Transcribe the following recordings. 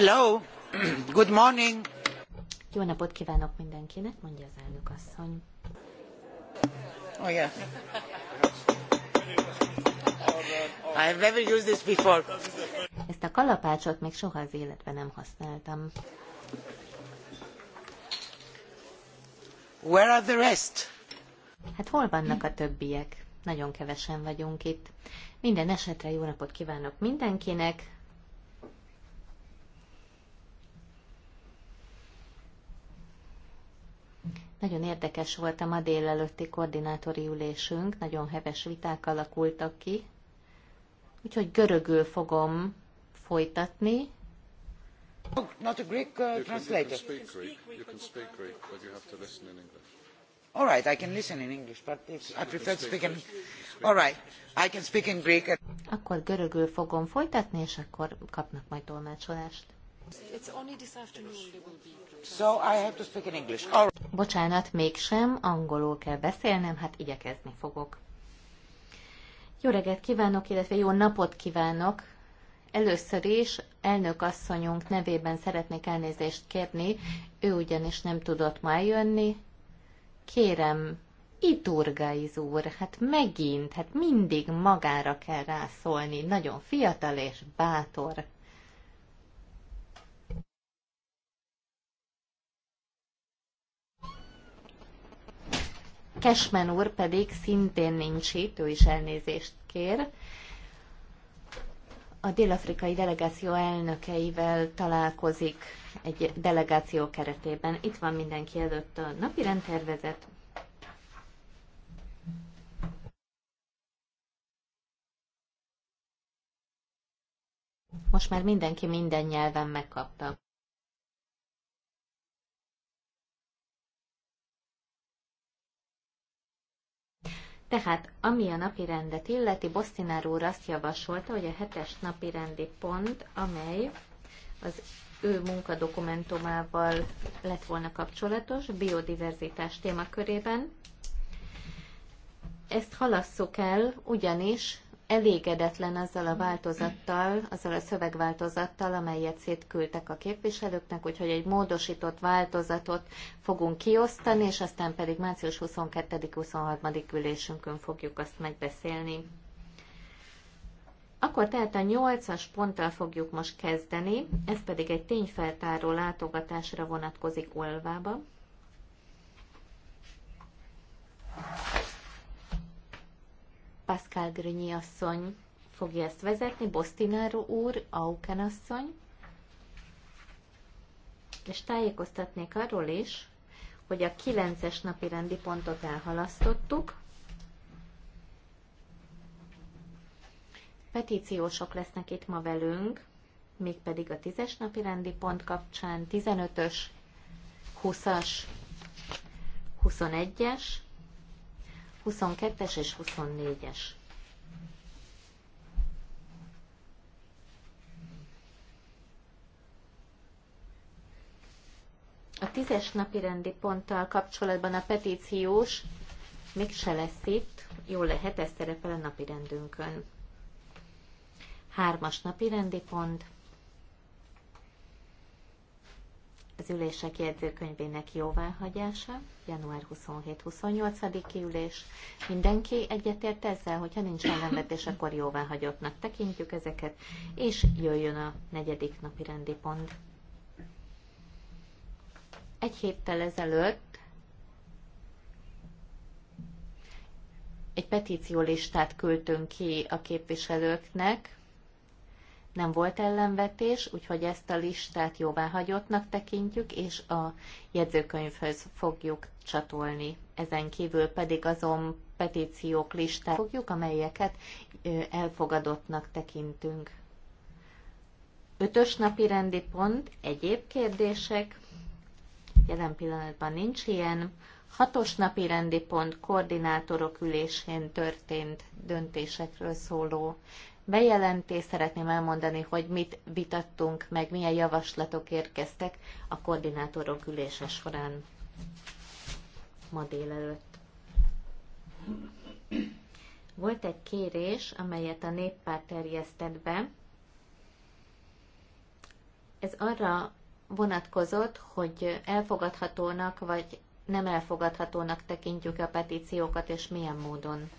Hello, good morning. Jó napot kívánok mindenkinek, mondja az elnök asszony. Oh yeah. I've never used this before. Ezt a kalapácsot még soha az életben nem használtam. Where are the rest? Hát hol vannak a többiek? Nagyon kevesen vagyunk itt. Minden esetre jó napot kívánok mindenkinek. érdekes volt a ma délelőtti koordinátori ülésünk, nagyon heves viták alakultak ki, úgyhogy görögül fogom folytatni. Oh, not a Greek uh, translator. You can speak Greek, but you have to listen in English. All right, I can listen in English, but I prefer to speak in... All right, I can speak in Greek. Akkor görögül fogom folytatni, és akkor kapnak majd tolmácsolást. Bocsánat, mégsem, angolul kell beszélnem, hát igyekezni fogok. Jó reggelt kívánok, illetve jó napot kívánok! Először is elnök asszonyunk nevében szeretnék elnézést kérni, ő ugyanis nem tudott ma jönni. Kérem, Iturgaiz úr, hát megint, hát mindig magára kell rászólni, nagyon fiatal és bátor. Kesmen úr pedig szintén nincs itt, ő is elnézést kér. A dél-afrikai delegáció elnökeivel találkozik egy delegáció keretében. Itt van mindenki előtt a napi rendtervezet. Most már mindenki minden nyelven megkapta. Tehát, ami a napi rendet illeti, Bosztinár úr azt javasolta, hogy a hetes napi rendi pont, amely az ő munkadokumentumával lett volna kapcsolatos, biodiverzitás témakörében. Ezt halasszuk el, ugyanis elégedetlen azzal a változattal, azzal a szövegváltozattal, amelyet szétküldtek a képviselőknek, úgyhogy egy módosított változatot fogunk kiosztani, és aztán pedig március 22-23. ülésünkön fogjuk azt megbeszélni. Akkor tehát a nyolcas ponttal fogjuk most kezdeni, ez pedig egy tényfeltáró látogatásra vonatkozik Olvába. Pascal Grönyi asszony fogja ezt vezetni, Bostináró úr, Auken asszony, és tájékoztatnék arról is, hogy a 9-es napi rendi pontot elhalasztottuk, petíciósok lesznek itt ma velünk, mégpedig a 10-es napi rendi pont kapcsán, 15-ös, 20-as, 21-es, 22-es és 24-es. A tízes napi rendi ponttal kapcsolatban a petíciós mégse lesz itt, jól lehet, ez szerepel a napi rendünkön. Hármas napi rendi pont – az ülések jegyzőkönyvének jóváhagyása, január 27-28-i ülés. Mindenki egyetért ezzel, hogyha nincs ellenvetés, akkor jóváhagyottnak tekintjük ezeket, és jöjjön a negyedik napi rendi pont. Egy héttel ezelőtt egy listát küldtünk ki a képviselőknek, nem volt ellenvetés, úgyhogy ezt a listát jóváhagyottnak tekintjük, és a jegyzőkönyvhöz fogjuk csatolni. Ezen kívül pedig azon petíciók listát fogjuk, amelyeket elfogadottnak tekintünk. Ötös napi rendi pont, egyéb kérdések, jelen pillanatban nincs ilyen. Hatos napi rendi pont koordinátorok ülésén történt döntésekről szóló bejelentést, szeretném elmondani, hogy mit vitattunk meg, milyen javaslatok érkeztek a koordinátorok ülése során ma délelőtt. Volt egy kérés, amelyet a néppárt terjesztett be. Ez arra vonatkozott, hogy elfogadhatónak vagy nem elfogadhatónak tekintjük a petíciókat, és milyen módon.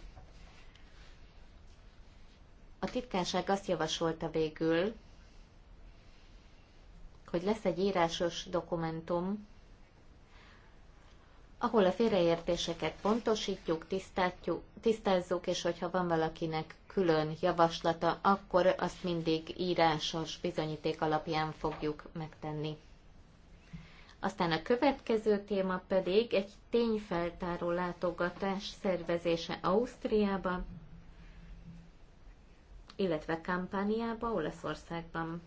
A titkárság azt javasolta végül, hogy lesz egy írásos dokumentum, ahol a félreértéseket pontosítjuk, tisztázzuk, és hogyha van valakinek külön javaslata, akkor azt mindig írásos bizonyíték alapján fogjuk megtenni. Aztán a következő téma pedig egy tényfeltáró látogatás szervezése Ausztriában, illetve Kampániába, Olaszországban.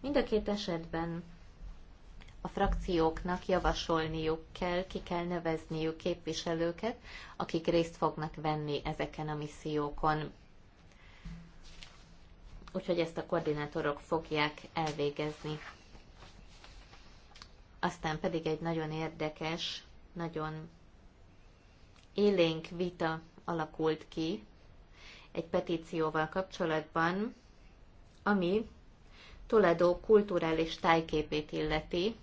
Mind a két esetben a frakcióknak javasolniuk kell, ki kell nevezniük képviselőket, akik részt fognak venni ezeken a missziókon. Úgyhogy ezt a koordinátorok fogják elvégezni. Aztán pedig egy nagyon érdekes, nagyon élénk vita alakult ki egy petícióval kapcsolatban, ami Toledo kulturális tájképét illeti,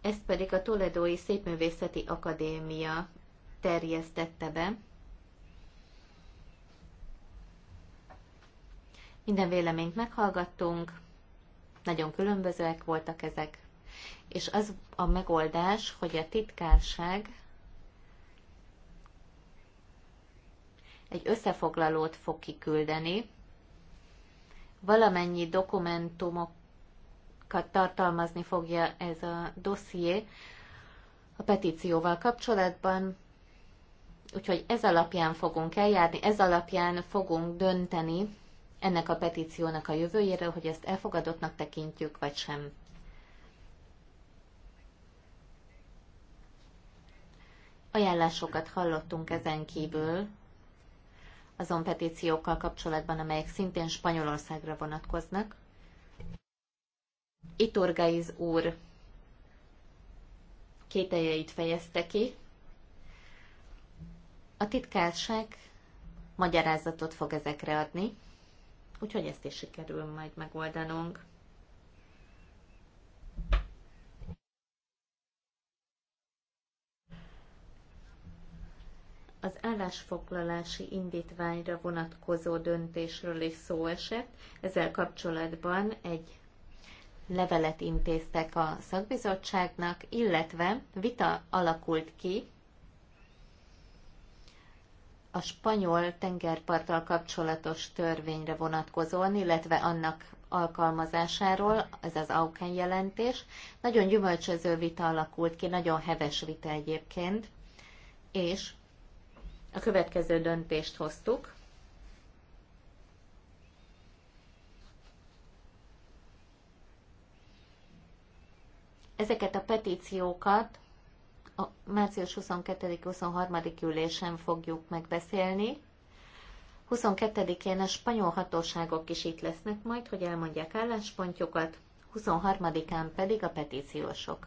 ezt pedig a Toledói Szépművészeti Akadémia terjesztette be. Minden véleményt meghallgattunk, nagyon különbözőek voltak ezek, és az a megoldás, hogy a titkárság egy összefoglalót fog kiküldeni, valamennyi dokumentumokat tartalmazni fogja ez a dosszié a petícióval kapcsolatban, úgyhogy ez alapján fogunk eljárni, ez alapján fogunk dönteni ennek a petíciónak a jövőjéről, hogy ezt elfogadottnak tekintjük, vagy sem. Ajánlásokat hallottunk ezen kívül azon petíciókkal kapcsolatban, amelyek szintén Spanyolországra vonatkoznak. Iturgaiz úr kételjeit fejezte ki. A titkárság magyarázatot fog ezekre adni, úgyhogy ezt is sikerül majd megoldanunk. az állásfoglalási indítványra vonatkozó döntésről is szó esett. Ezzel kapcsolatban egy levelet intéztek a szakbizottságnak, illetve vita alakult ki a spanyol tengerparttal kapcsolatos törvényre vonatkozóan, illetve annak alkalmazásáról, ez az AUKEN jelentés. Nagyon gyümölcsöző vita alakult ki, nagyon heves vita egyébként, és a következő döntést hoztuk. Ezeket a petíciókat a március 22-23. ülésen fogjuk megbeszélni. 22-én a spanyol hatóságok is itt lesznek majd, hogy elmondják álláspontjukat, 23-án pedig a petíciósok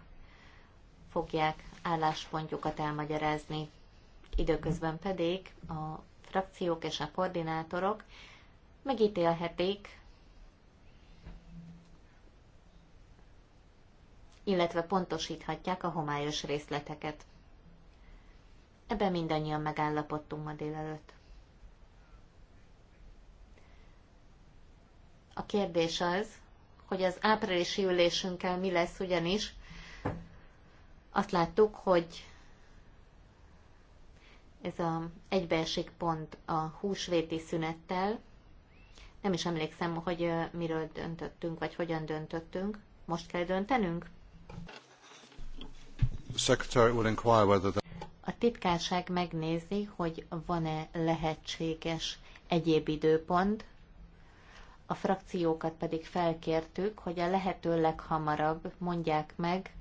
fogják álláspontjukat elmagyarázni. Időközben pedig a frakciók és a koordinátorok megítélhetik, illetve pontosíthatják a homályos részleteket. Ebben mindannyian megállapodtunk ma délelőtt. A kérdés az, hogy az áprilisi ülésünkkel mi lesz ugyanis. Azt láttuk, hogy ez a, egybeesik pont a húsvéti szünettel. Nem is emlékszem, hogy miről döntöttünk, vagy hogyan döntöttünk. Most kell döntenünk? A titkárság megnézi, hogy van-e lehetséges egyéb időpont, a frakciókat pedig felkértük, hogy a lehető leghamarabb mondják meg,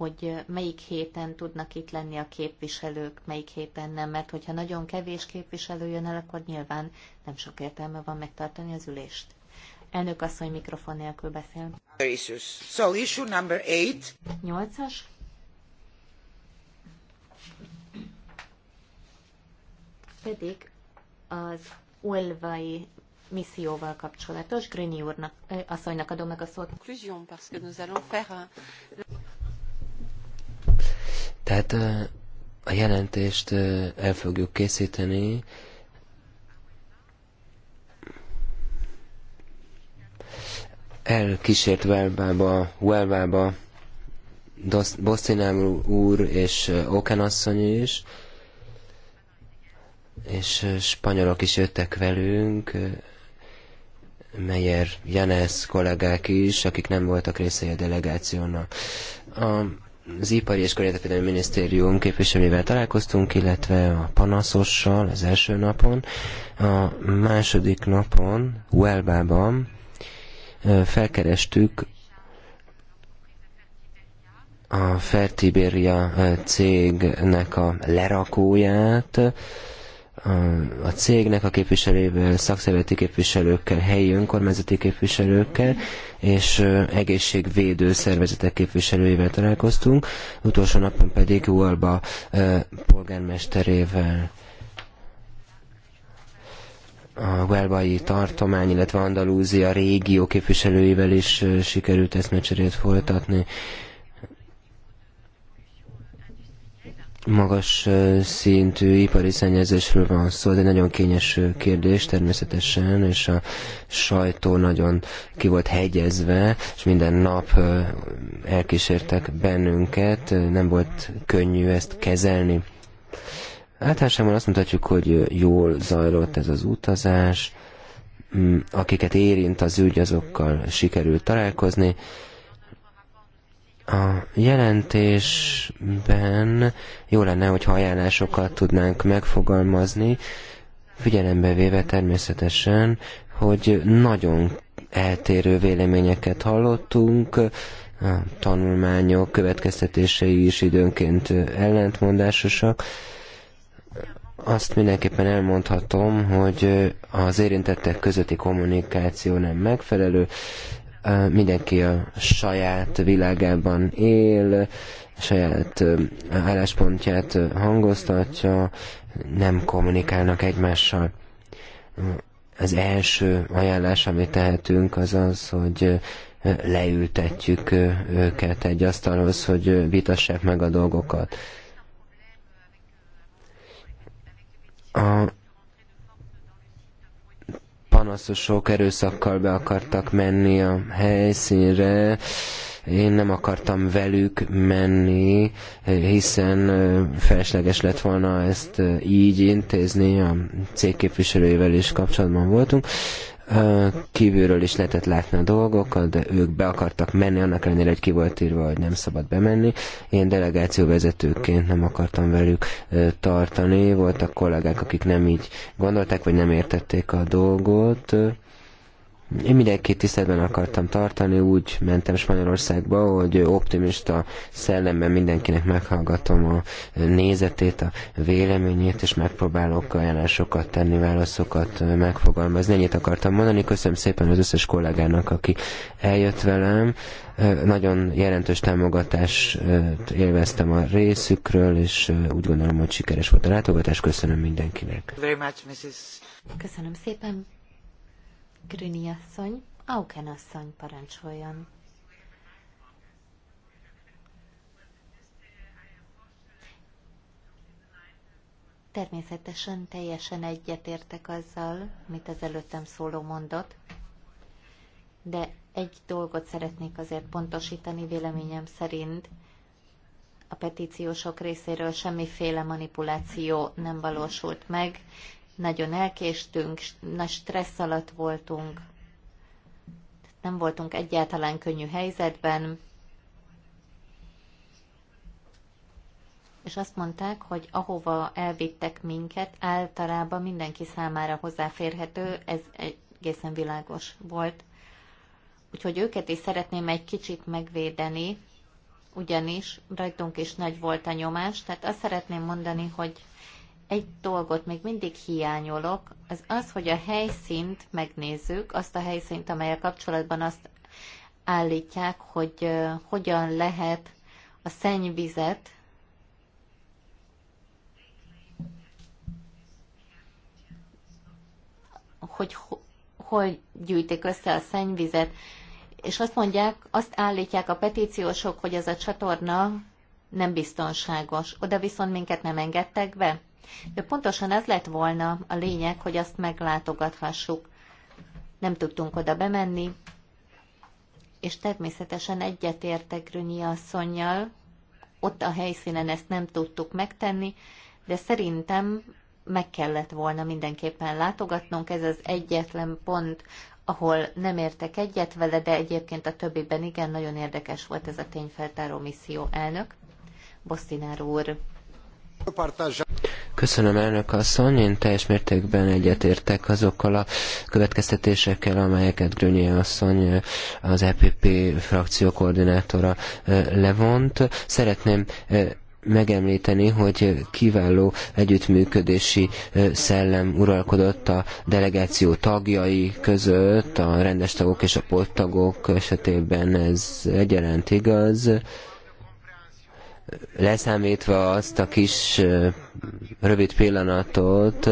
hogy melyik héten tudnak itt lenni a képviselők, melyik héten nem, mert hogyha nagyon kevés képviselő jön el, akkor nyilván nem sok értelme van megtartani az ülést. Elnök asszony mikrofon nélkül beszél. So issue number eight. Nyolcas. Pedig az Ulvai misszióval kapcsolatos. Grini úrnak, asszonynak adom meg a szót. Tehát a jelentést el fogjuk készíteni, elkísért Velbába, Huelvába Bosztinám úr és Oken asszony is, és spanyolok is jöttek velünk, Meyer Janes kollégák is, akik nem voltak részei a delegációnak. A az Ipari és Környezetvédelmi Minisztérium képviselővel találkoztunk, illetve a panaszossal az első napon. A második napon Huelbában felkerestük a Fertibéria cégnek a lerakóját, a cégnek a képviselővel, szakszervezeti képviselőkkel, helyi önkormányzati képviselőkkel és egészségvédő szervezetek képviselőivel találkoztunk, utolsó napon pedig Ualba polgármesterével a Guelbai tartomány, illetve Andalúzia régió képviselőivel is sikerült ezt folytatni. magas szintű ipari szennyezésről van szó, de nagyon kényes kérdés természetesen, és a sajtó nagyon ki volt hegyezve, és minden nap elkísértek bennünket, nem volt könnyű ezt kezelni. Általában azt mutatjuk, hogy jól zajlott ez az utazás, mm, akiket érint az ügy, azokkal sikerült találkozni, a jelentésben jó lenne, hogy ajánlásokat tudnánk megfogalmazni, figyelembe véve természetesen, hogy nagyon eltérő véleményeket hallottunk, a tanulmányok következtetései is időnként ellentmondásosak. Azt mindenképpen elmondhatom, hogy az érintettek közötti kommunikáció nem megfelelő, mindenki a saját világában él, saját álláspontját hangoztatja, nem kommunikálnak egymással. Az első ajánlás, amit tehetünk, az az, hogy leültetjük őket egy asztalhoz, hogy vitassák meg a dolgokat. A panaszosok erőszakkal be akartak menni a helyszínre, én nem akartam velük menni, hiszen felesleges lett volna ezt így intézni, a cégképviselőivel is kapcsolatban voltunk, kívülről is lehetett látni a dolgokat, de ők be akartak menni, annak ellenére, hogy ki volt írva, hogy nem szabad bemenni. Én delegációvezetőként nem akartam velük tartani, voltak kollégák, akik nem így gondolták, vagy nem értették a dolgot. Én mindenkit tiszteletben akartam tartani, úgy mentem Spanyolországba, hogy optimista szellemben mindenkinek meghallgatom a nézetét, a véleményét, és megpróbálok ajánlásokat tenni, válaszokat megfogalmazni. Ennyit akartam mondani. Köszönöm szépen az összes kollégának, aki eljött velem. Nagyon jelentős támogatást élveztem a részükről, és úgy gondolom, hogy sikeres volt a látogatás. Köszönöm mindenkinek. Köszönöm szépen. Grüni asszony, Auken asszony parancsoljon. Természetesen teljesen egyetértek azzal, amit az előttem szóló mondott, de egy dolgot szeretnék azért pontosítani véleményem szerint. A petíciósok részéről semmiféle manipuláció nem valósult meg, nagyon elkéstünk, nagy stressz alatt voltunk, nem voltunk egyáltalán könnyű helyzetben, és azt mondták, hogy ahova elvittek minket, általában mindenki számára hozzáférhető, ez egészen világos volt. Úgyhogy őket is szeretném egy kicsit megvédeni, ugyanis rajtunk is nagy volt a nyomás, tehát azt szeretném mondani, hogy egy dolgot még mindig hiányolok, az az, hogy a helyszínt megnézzük, azt a helyszínt, amelyel kapcsolatban azt állítják, hogy hogyan lehet a szennyvizet hogy hogy gyűjtik össze a szennyvizet, és azt mondják, azt állítják a petíciósok, hogy ez a csatorna nem biztonságos. Oda viszont minket nem engedtek be. De pontosan ez lett volna a lényeg, hogy azt meglátogathassuk. Nem tudtunk oda bemenni, és természetesen egyetértek Rönyi asszonynal, ott a helyszínen ezt nem tudtuk megtenni, de szerintem meg kellett volna mindenképpen látogatnunk. Ez az egyetlen pont, ahol nem értek egyet vele, de egyébként a többiben igen, nagyon érdekes volt ez a tényfeltáró misszió elnök. Bosztinár úr. Köszönöm, elnök asszony. Én teljes mértékben egyetértek azokkal a következtetésekkel, amelyeket Grönyi asszony, eh, az EPP frakció koordinátora eh, levont. Szeretném eh, megemlíteni, hogy kiváló együttműködési szellem uralkodott a delegáció tagjai között, a rendes tagok és a polttagok esetében ez egyaránt igaz leszámítva azt a kis rövid pillanatot,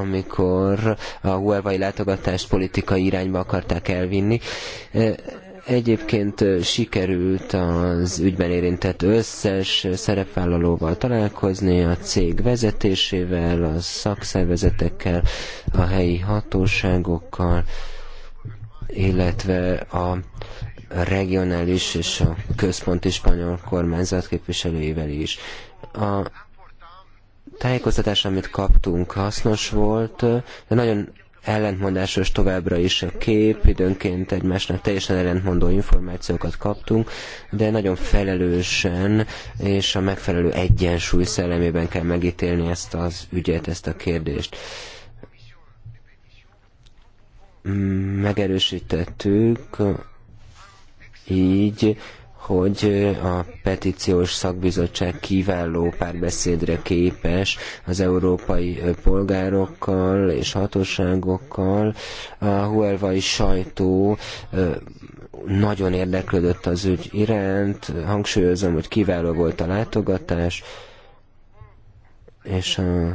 amikor a huelvai látogatást politikai irányba akarták elvinni. Egyébként sikerült az ügyben érintett összes szerepvállalóval találkozni, a cég vezetésével, a szakszervezetekkel, a helyi hatóságokkal, illetve a regionális és a központi spanyol kormányzat képviselőivel is. A tájékoztatás, amit kaptunk, hasznos volt, de nagyon ellentmondásos továbbra is a kép, időnként egymásnak teljesen ellentmondó információkat kaptunk, de nagyon felelősen és a megfelelő egyensúly szellemében kell megítélni ezt az ügyet, ezt a kérdést. Megerősítettük így, hogy a petíciós szakbizottság kiváló párbeszédre képes az európai polgárokkal és hatóságokkal. A huelvai sajtó nagyon érdeklődött az ügy iránt, hangsúlyozom, hogy kiváló volt a látogatás, és a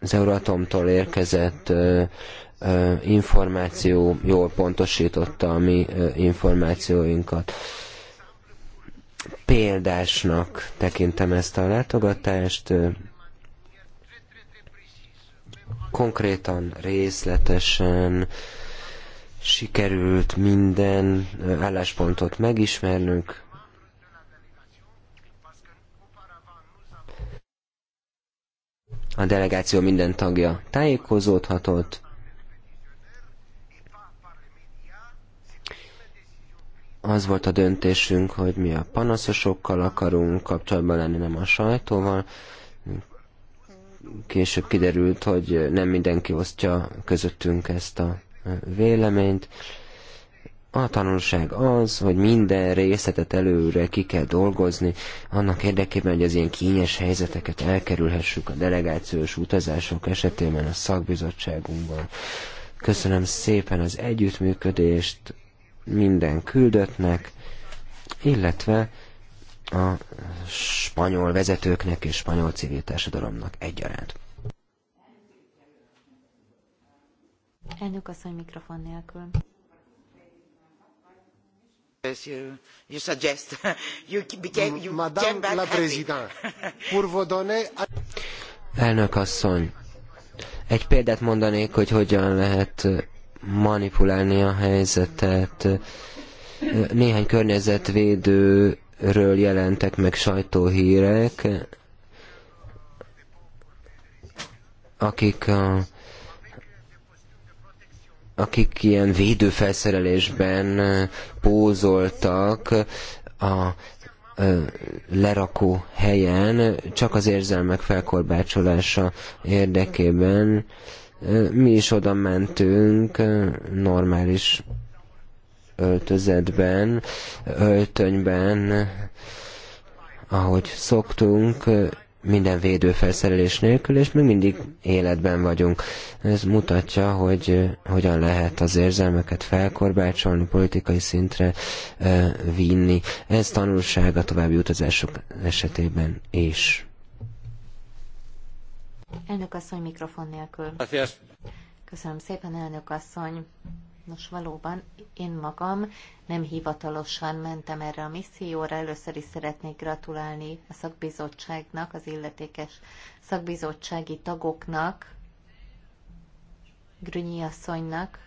az Euratomtól érkezett információ jól pontosította a mi információinkat. Példásnak tekintem ezt a látogatást, konkrétan, részletesen sikerült minden álláspontot megismernünk, a delegáció minden tagja tájékozódhatott, az volt a döntésünk, hogy mi a panaszosokkal akarunk kapcsolatban lenni, nem a sajtóval. Később kiderült, hogy nem mindenki osztja közöttünk ezt a véleményt. A tanulság az, hogy minden részletet előre ki kell dolgozni, annak érdekében, hogy az ilyen kényes helyzeteket elkerülhessük a delegációs utazások esetében a szakbizottságunkban. Köszönöm szépen az együttműködést, minden küldöttnek, illetve a spanyol vezetőknek és spanyol civil társadalomnak egyaránt. Elnök asszony mikrofon nélkül. You, suggest you became you Madame came back la Présidente, pour vous donner... Elnök asszony, egy példát mondanék, hogy hogyan lehet manipulálni a helyzetet. Néhány környezetvédőről jelentek meg sajtóhírek, akik a akik ilyen védőfelszerelésben pózoltak a lerakó helyen, csak az érzelmek felkorbácsolása érdekében mi is oda mentünk normális öltözetben, öltönyben, ahogy szoktunk, minden védőfelszerelés nélkül, és még mindig életben vagyunk. Ez mutatja, hogy hogyan lehet az érzelmeket felkorbácsolni, politikai szintre vinni. Ez tanulság a további utazások esetében is. Elnök asszony mikrofon nélkül. Köszönöm szépen, elnök asszony. Nos, valóban én magam nem hivatalosan mentem erre a misszióra. Először is szeretnék gratulálni a szakbizottságnak, az illetékes szakbizottsági tagoknak, Grünyi asszonynak,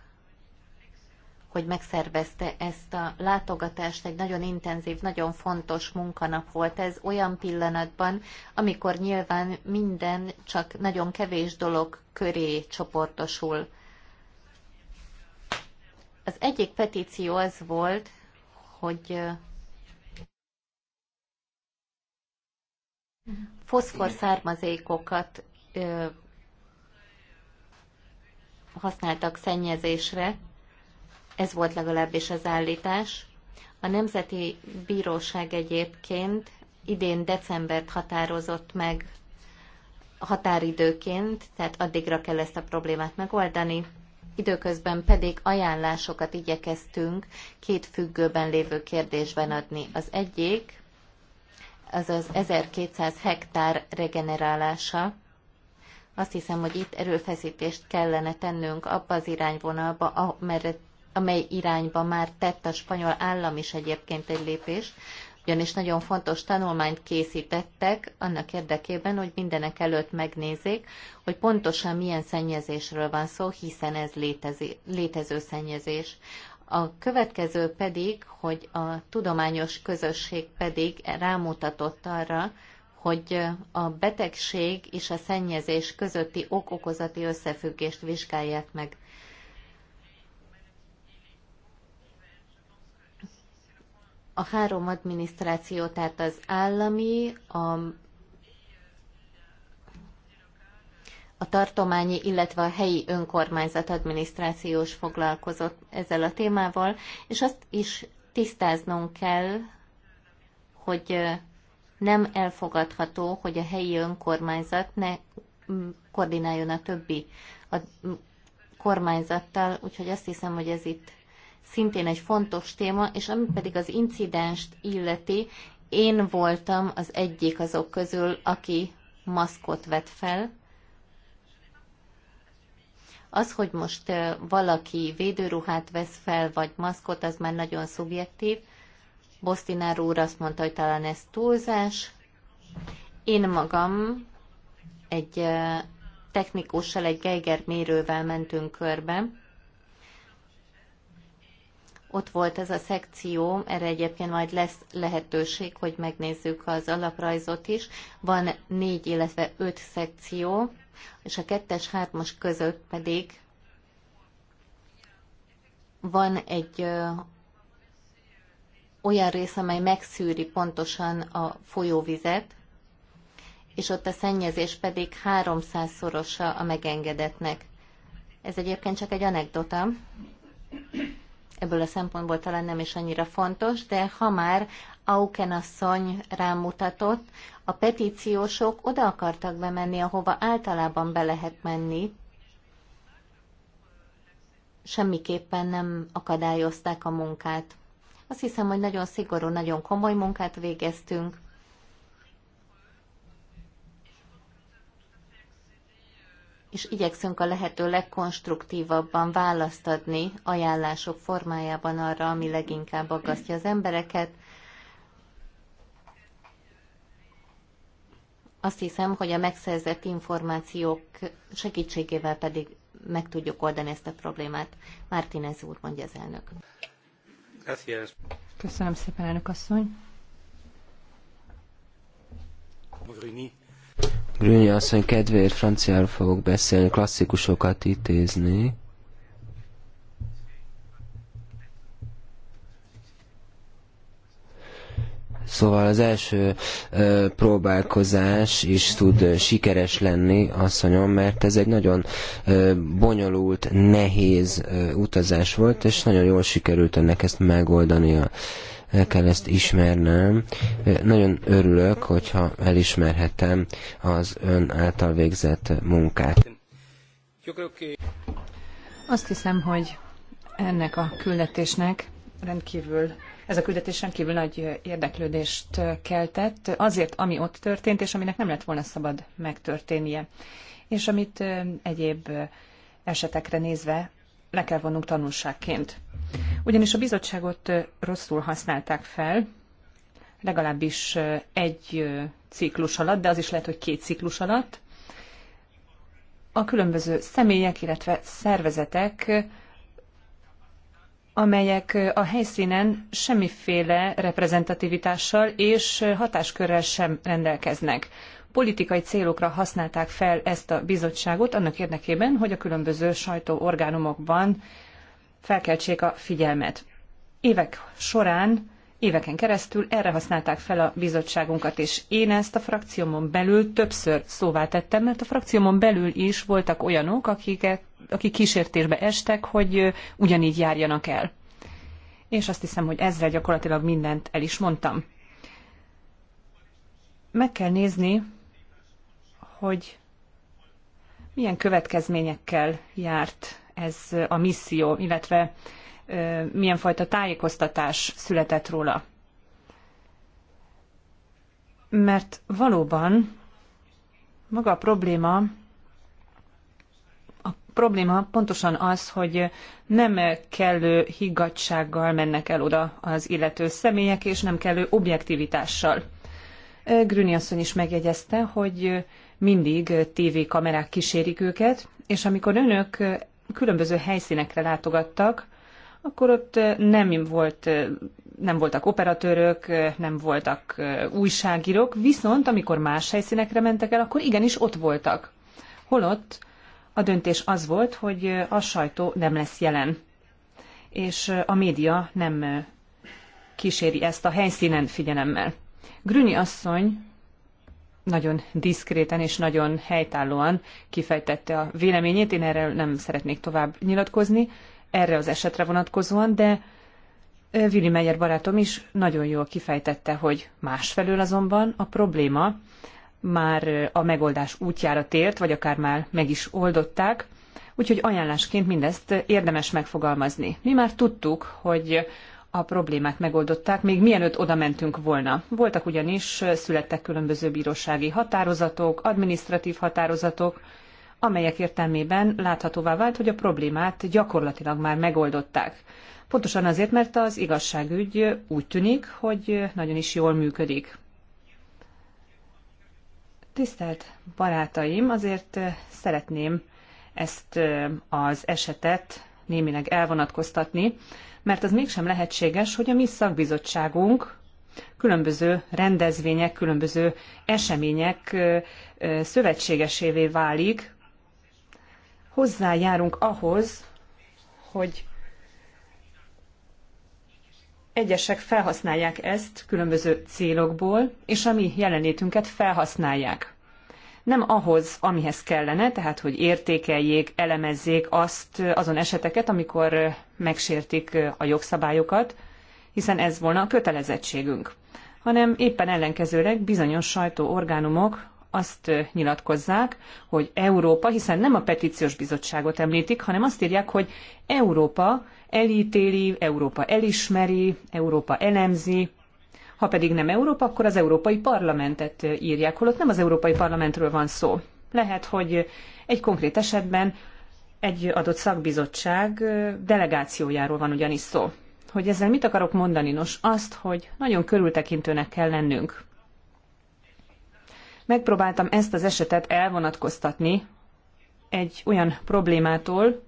hogy megszervezte ezt a látogatást. Egy nagyon intenzív, nagyon fontos munkanap volt ez olyan pillanatban, amikor nyilván minden csak nagyon kevés dolog köré csoportosul. Az egyik petíció az volt, hogy foszfor származékokat használtak szennyezésre, ez volt legalábbis az állítás. A Nemzeti Bíróság egyébként idén decembert határozott meg határidőként, tehát addigra kell ezt a problémát megoldani. Időközben pedig ajánlásokat igyekeztünk két függőben lévő kérdésben adni. Az egyik, az az 1200 hektár regenerálása. Azt hiszem, hogy itt erőfeszítést kellene tennünk abba az irányvonalba, amerre amely irányba már tett a spanyol állam is egyébként egy lépést, ugyanis nagyon fontos tanulmányt készítettek annak érdekében, hogy mindenek előtt megnézzék, hogy pontosan milyen szennyezésről van szó, hiszen ez létezi, létező szennyezés. A következő pedig, hogy a tudományos közösség pedig rámutatott arra, hogy a betegség és a szennyezés közötti ok-okozati összefüggést vizsgálják meg. a három adminisztráció, tehát az állami, a, a tartományi, illetve a helyi önkormányzat adminisztrációs foglalkozott ezzel a témával, és azt is tisztáznunk kell, hogy nem elfogadható, hogy a helyi önkormányzat ne koordináljon a többi a kormányzattal, úgyhogy azt hiszem, hogy ez itt szintén egy fontos téma, és ami pedig az incidenst illeti, én voltam az egyik azok közül, aki maszkot vett fel. Az, hogy most valaki védőruhát vesz fel, vagy maszkot, az már nagyon szubjektív. Bosztinár úr azt mondta, hogy talán ez túlzás. Én magam egy technikussal, egy Geiger mérővel mentünk körbe, ott volt ez a szekció, erre egyébként majd lesz lehetőség, hogy megnézzük az alaprajzot is. Van négy, illetve öt szekció, és a kettes, hármas között pedig van egy ö, olyan rész, amely megszűri pontosan a folyóvizet, és ott a szennyezés pedig 300-szorosa a megengedettnek. Ez egyébként csak egy anekdota ebből a szempontból talán nem is annyira fontos, de ha már Auken asszony rámutatott, a petíciósok oda akartak bemenni, ahova általában be lehet menni. Semmiképpen nem akadályozták a munkát. Azt hiszem, hogy nagyon szigorú, nagyon komoly munkát végeztünk, és igyekszünk a lehető legkonstruktívabban választ adni ajánlások formájában arra, ami leginkább aggasztja az embereket. Azt hiszem, hogy a megszerzett információk segítségével pedig meg tudjuk oldani ezt a problémát. Mártinez úr, mondja az elnök. Köszönöm szépen, elnök asszony azt mondja, kedvéért franciáról fogok beszélni, klasszikusokat ítézni. Szóval az első ö, próbálkozás is tud sikeres lenni, asszonyom, mert ez egy nagyon ö, bonyolult, nehéz ö, utazás volt, és nagyon jól sikerült ennek ezt megoldania. Ö, el kell ezt ismernem. Nagyon örülök, hogyha elismerhetem az ön által végzett munkát. Azt hiszem, hogy ennek a küldetésnek rendkívül ez a küldetés rendkívül nagy érdeklődést keltett azért, ami ott történt, és aminek nem lett volna szabad megtörténnie. És amit egyéb esetekre nézve le kell vonnunk tanulságként. Ugyanis a bizottságot rosszul használták fel, legalábbis egy ciklus alatt, de az is lehet, hogy két ciklus alatt. A különböző személyek, illetve szervezetek, amelyek a helyszínen semmiféle reprezentativitással és hatáskörrel sem rendelkeznek politikai célokra használták fel ezt a bizottságot annak érdekében, hogy a különböző sajtóorgánumokban felkeltsék a figyelmet. Évek során, éveken keresztül erre használták fel a bizottságunkat, és én ezt a frakciómon belül többször szóvá tettem, mert a frakciómon belül is voltak olyanok, akiket, akik kísértésbe estek, hogy ugyanígy járjanak el. És azt hiszem, hogy ezzel gyakorlatilag mindent el is mondtam meg kell nézni, hogy milyen következményekkel járt ez a misszió, illetve milyen fajta tájékoztatás született róla. Mert valóban maga a probléma, a probléma pontosan az, hogy nem kellő higgadsággal mennek el oda az illető személyek, és nem kellő objektivitással. Grüni asszony is megjegyezte, hogy mindig TV kamerák kísérik őket, és amikor önök különböző helyszínekre látogattak, akkor ott nem, volt, nem voltak operatőrök, nem voltak újságírók, viszont amikor más helyszínekre mentek el, akkor igenis ott voltak. Holott a döntés az volt, hogy a sajtó nem lesz jelen, és a média nem kíséri ezt a helyszínen figyelemmel. Grüni asszony nagyon diszkréten és nagyon helytállóan kifejtette a véleményét. Én erre nem szeretnék tovább nyilatkozni, erre az esetre vonatkozóan, de Willy Meyer barátom is nagyon jól kifejtette, hogy másfelől azonban a probléma már a megoldás útjára tért, vagy akár már meg is oldották, úgyhogy ajánlásként mindezt érdemes megfogalmazni. Mi már tudtuk, hogy a problémát megoldották, még mielőtt oda mentünk volna. Voltak ugyanis, születtek különböző bírósági határozatok, administratív határozatok, amelyek értelmében láthatóvá vált, hogy a problémát gyakorlatilag már megoldották. Pontosan azért, mert az igazságügy úgy tűnik, hogy nagyon is jól működik. Tisztelt barátaim, azért szeretném ezt az esetet némileg elvonatkoztatni mert az mégsem lehetséges, hogy a mi szakbizottságunk különböző rendezvények, különböző események szövetségesévé válik, hozzájárunk ahhoz, hogy egyesek felhasználják ezt különböző célokból, és a mi jelenlétünket felhasználják nem ahhoz, amihez kellene, tehát hogy értékeljék, elemezzék azt azon eseteket, amikor megsértik a jogszabályokat, hiszen ez volna a kötelezettségünk, hanem éppen ellenkezőleg bizonyos sajtóorgánumok azt nyilatkozzák, hogy Európa, hiszen nem a petíciós bizottságot említik, hanem azt írják, hogy Európa elítéli, Európa elismeri, Európa elemzi, ha pedig nem Európa, akkor az Európai Parlamentet írják, holott nem az Európai Parlamentről van szó. Lehet, hogy egy konkrét esetben egy adott szakbizottság delegációjáról van ugyanis szó. Hogy ezzel mit akarok mondani? Nos, azt, hogy nagyon körültekintőnek kell lennünk. Megpróbáltam ezt az esetet elvonatkoztatni egy olyan problémától,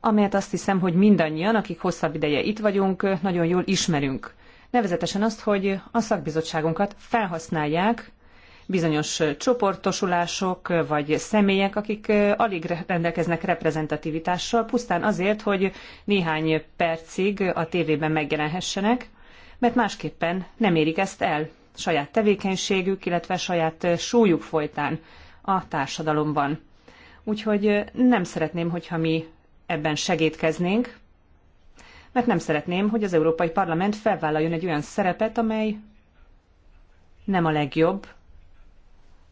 amelyet azt hiszem, hogy mindannyian, akik hosszabb ideje itt vagyunk, nagyon jól ismerünk nevezetesen azt, hogy a szakbizottságunkat felhasználják bizonyos csoportosulások vagy személyek, akik alig rendelkeznek reprezentativitással, pusztán azért, hogy néhány percig a tévében megjelenhessenek, mert másképpen nem érik ezt el saját tevékenységük, illetve saját súlyuk folytán a társadalomban. Úgyhogy nem szeretném, hogyha mi ebben segítkeznénk, mert nem szeretném, hogy az Európai Parlament felvállaljon egy olyan szerepet, amely nem a legjobb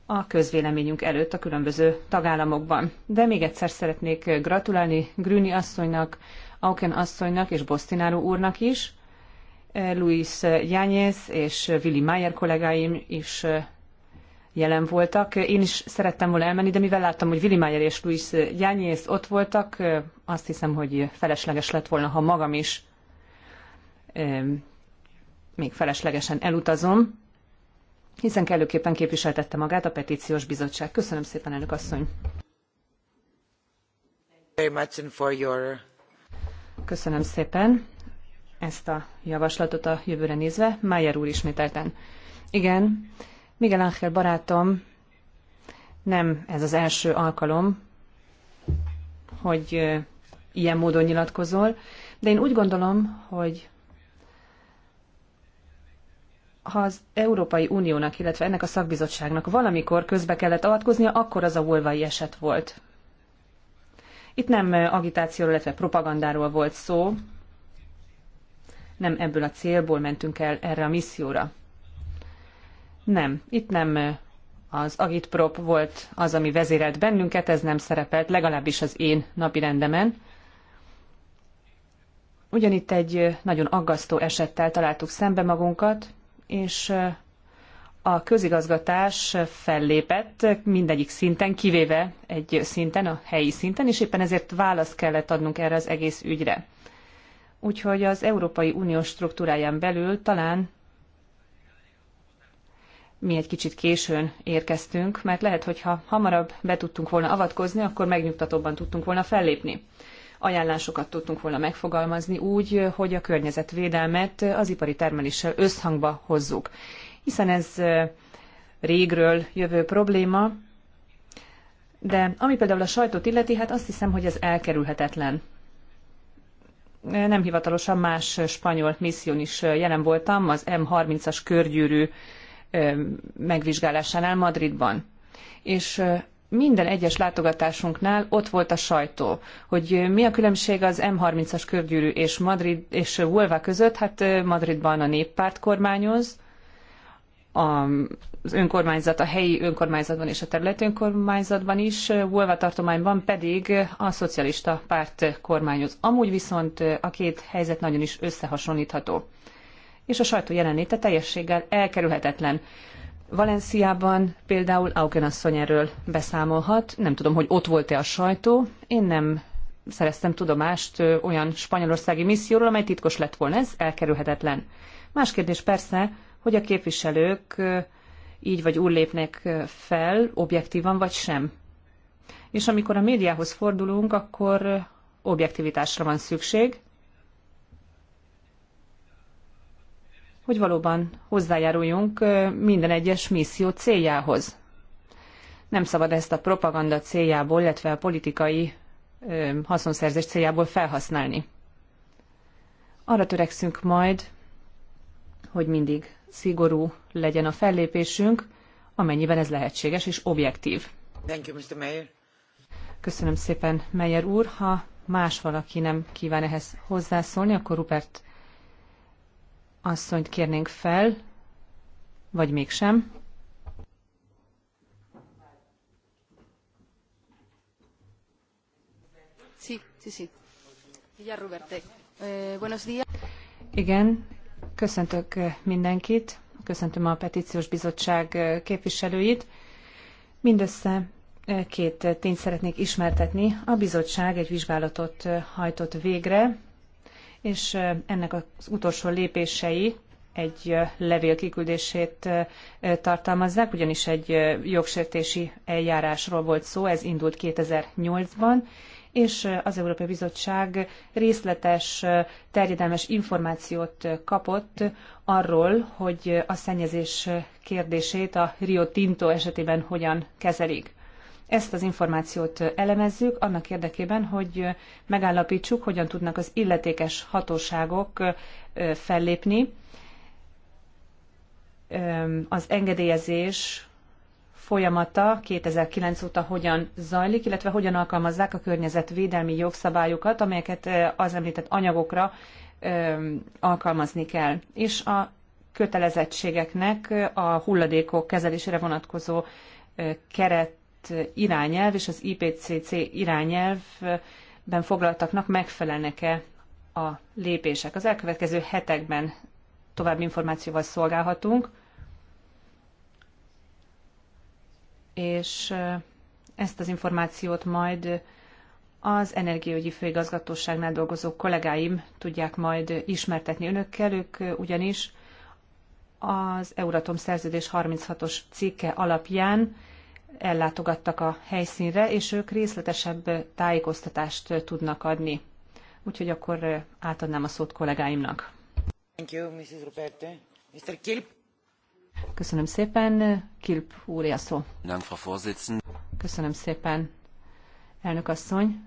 a közvéleményünk előtt a különböző tagállamokban. De még egyszer szeretnék gratulálni Grüni asszonynak, Auken asszonynak és Bostináró úrnak is, Luis Jányész és Willy Mayer kollégáim is jelen voltak. Én is szerettem volna elmenni, de mivel láttam, hogy Willy Mayer és Luis Jányész ott voltak, azt hiszem, hogy felesleges lett volna, ha magam is még feleslegesen elutazom, hiszen kellőképpen képviseltette magát a petíciós bizottság. Köszönöm szépen, elnök asszony! Köszönöm szépen ezt a javaslatot a jövőre nézve. Májer úr ismételten. Igen, Miguel Ángel barátom, nem ez az első alkalom, hogy ilyen módon nyilatkozol, de én úgy gondolom, hogy ha az Európai Uniónak, illetve ennek a szakbizottságnak valamikor közbe kellett avatkoznia, akkor az a volvai eset volt. Itt nem agitációról, illetve propagandáról volt szó, nem ebből a célból mentünk el erre a misszióra. Nem, itt nem az agitprop volt az, ami vezérelt bennünket, ez nem szerepelt, legalábbis az én napi rendemen. Ugyanitt egy nagyon aggasztó esettel találtuk szembe magunkat, és a közigazgatás fellépett mindegyik szinten, kivéve egy szinten, a helyi szinten, és éppen ezért választ kellett adnunk erre az egész ügyre. Úgyhogy az Európai Unió struktúráján belül talán mi egy kicsit későn érkeztünk, mert lehet, hogy ha hamarabb be tudtunk volna avatkozni, akkor megnyugtatóbban tudtunk volna fellépni. Ajánlásokat tudtunk volna megfogalmazni úgy, hogy a környezetvédelmet az ipari termeléssel összhangba hozzuk. Hiszen ez régről jövő probléma, de ami például a sajtót illeti, hát azt hiszem, hogy ez elkerülhetetlen. Nem hivatalosan más spanyol misszión is jelen voltam, az M30-as körgyűrű megvizsgálásánál Madridban. És minden egyes látogatásunknál ott volt a sajtó, hogy mi a különbség az M30-as körgyűrű és Madrid és Volva között, hát Madridban a néppárt kormányoz, az önkormányzat, a helyi önkormányzatban és a területi önkormányzatban is, Volva tartományban pedig a szocialista párt kormányoz. Amúgy viszont a két helyzet nagyon is összehasonlítható és a sajtó jelenléte teljességgel elkerülhetetlen. Valenciában például Auken asszony erről beszámolhat. Nem tudom, hogy ott volt-e a sajtó. Én nem szereztem tudomást olyan spanyolországi misszióról, amely titkos lett volna. Ez elkerülhetetlen. Más kérdés persze, hogy a képviselők így vagy úgy lépnek fel, objektívan vagy sem. És amikor a médiához fordulunk, akkor objektivitásra van szükség, hogy valóban hozzájáruljunk minden egyes misszió céljához. Nem szabad ezt a propaganda céljából, illetve a politikai haszonszerzés céljából felhasználni. Arra törekszünk majd, hogy mindig szigorú legyen a fellépésünk, amennyiben ez lehetséges és objektív. You, Köszönöm szépen, Meyer úr. Ha más valaki nem kíván ehhez hozzászólni, akkor Rupert asszonyt kérnénk fel, vagy mégsem. Sí, sí, sí. Eh, buenos días. Igen, köszöntök eh, mindenkit, köszöntöm a petíciós bizottság eh, képviselőit. Mindössze két tényt szeretnék ismertetni. A bizottság egy vizsgálatot hajtott végre és ennek az utolsó lépései egy levél kiküldését tartalmazzák, ugyanis egy jogsértési eljárásról volt szó, ez indult 2008-ban, és az Európai Bizottság részletes, terjedelmes információt kapott arról, hogy a szennyezés kérdését a Rio Tinto esetében hogyan kezelik. Ezt az információt elemezzük annak érdekében, hogy megállapítsuk, hogyan tudnak az illetékes hatóságok fellépni az engedélyezés folyamata 2009 óta hogyan zajlik, illetve hogyan alkalmazzák a környezetvédelmi jogszabályokat, amelyeket az említett anyagokra alkalmazni kell. És a kötelezettségeknek a hulladékok kezelésére vonatkozó keret irányelv és az IPCC irányelvben foglaltaknak megfelelnek-e a lépések. Az elkövetkező hetekben további információval szolgálhatunk, és eh, ezt az információt majd az Energiaügyi Főigazgatóságnál dolgozó kollégáim tudják majd ismertetni önökkel, ők eh, ugyanis az Euratom szerződés 36-os cikke alapján ellátogattak a helyszínre, és ők részletesebb tájékoztatást tudnak adni. Úgyhogy akkor átadnám a szót kollégáimnak. Thank you, Mrs. Roberta. Mr. Kilp. Köszönöm szépen. Kilp úr, a szó. Köszönöm szépen, elnök asszony.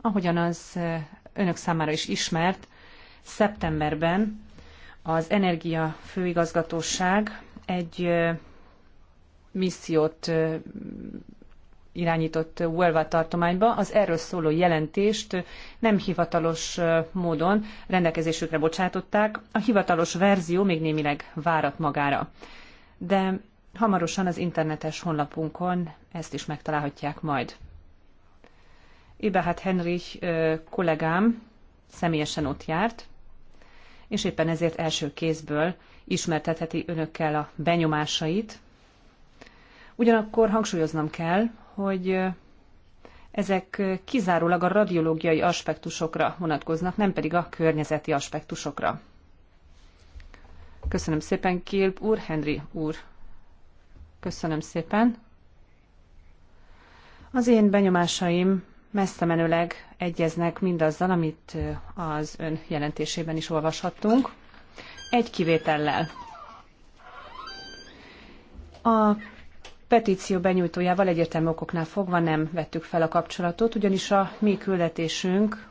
Ahogyan az önök számára is ismert, szeptemberben az Energia Főigazgatóság egy missziót irányított Huelva tartományba. Az erről szóló jelentést nem hivatalos módon rendelkezésükre bocsátották. A hivatalos verzió még némileg várat magára. De hamarosan az internetes honlapunkon ezt is megtalálhatják majd. Iberhard Henrich kollégám személyesen ott járt, és éppen ezért első kézből ismertetheti önökkel a benyomásait, Ugyanakkor hangsúlyoznom kell, hogy ezek kizárólag a radiológiai aspektusokra vonatkoznak, nem pedig a környezeti aspektusokra. Köszönöm szépen, Kilp úr, Henry úr. Köszönöm szépen. Az én benyomásaim messze menőleg egyeznek mindazzal, amit az ön jelentésében is olvashattunk. Egy kivétellel. A petíció benyújtójával egyértelmű okoknál fogva nem vettük fel a kapcsolatot, ugyanis a mi küldetésünk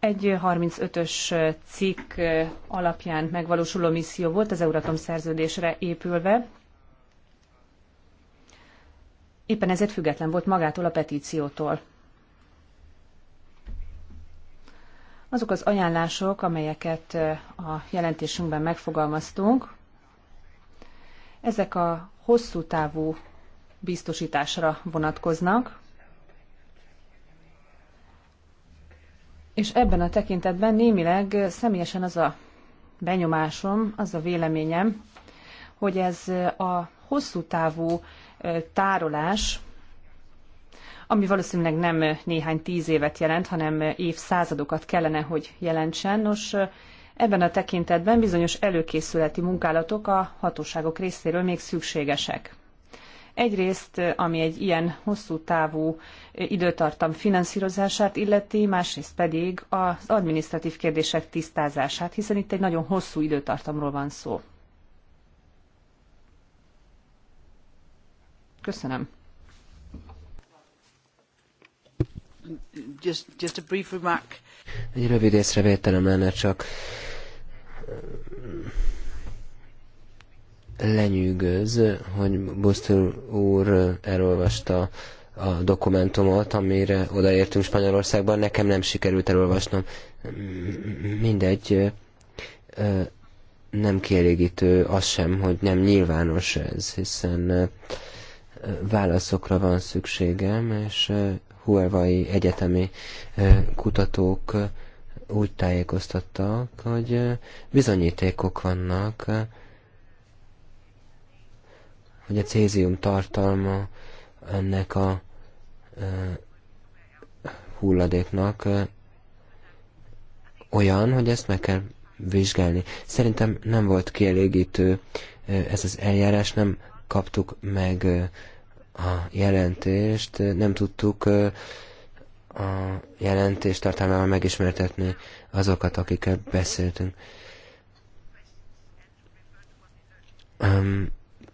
egy 35-ös cikk alapján megvalósuló misszió volt az Euratom szerződésre épülve. Éppen ezért független volt magától a petíciótól. Azok az ajánlások, amelyeket a jelentésünkben megfogalmaztunk, ezek a hosszú távú biztosításra vonatkoznak, és ebben a tekintetben némileg személyesen az a benyomásom, az a véleményem, hogy ez a hosszú távú tárolás, ami valószínűleg nem néhány tíz évet jelent, hanem évszázadokat kellene, hogy jelentsen. Nos, Ebben a tekintetben bizonyos előkészületi munkálatok a hatóságok részéről még szükségesek. Egyrészt, ami egy ilyen hosszú távú eh, időtartam finanszírozását illeti, másrészt pedig az adminisztratív kérdések tisztázását, hiszen itt egy nagyon hosszú időtartamról van szó. Köszönöm. Just, just a brief remark. Egy rövid észrevételem lenne csak lenyűgöz, hogy Busztul úr elolvasta a dokumentumot, amire odaértünk Spanyolországban, nekem nem sikerült elolvasnom. Mindegy, nem kielégítő az sem, hogy nem nyilvános ez, hiszen válaszokra van szükségem, és huelvai egyetemi kutatók úgy tájékoztattak, hogy bizonyítékok vannak, hogy a cézium tartalma ennek a hulladéknak olyan, hogy ezt meg kell vizsgálni. Szerintem nem volt kielégítő ez az eljárás, nem kaptuk meg a jelentést, nem tudtuk a jelentést tartalmával megismertetni azokat, akikkel beszéltünk.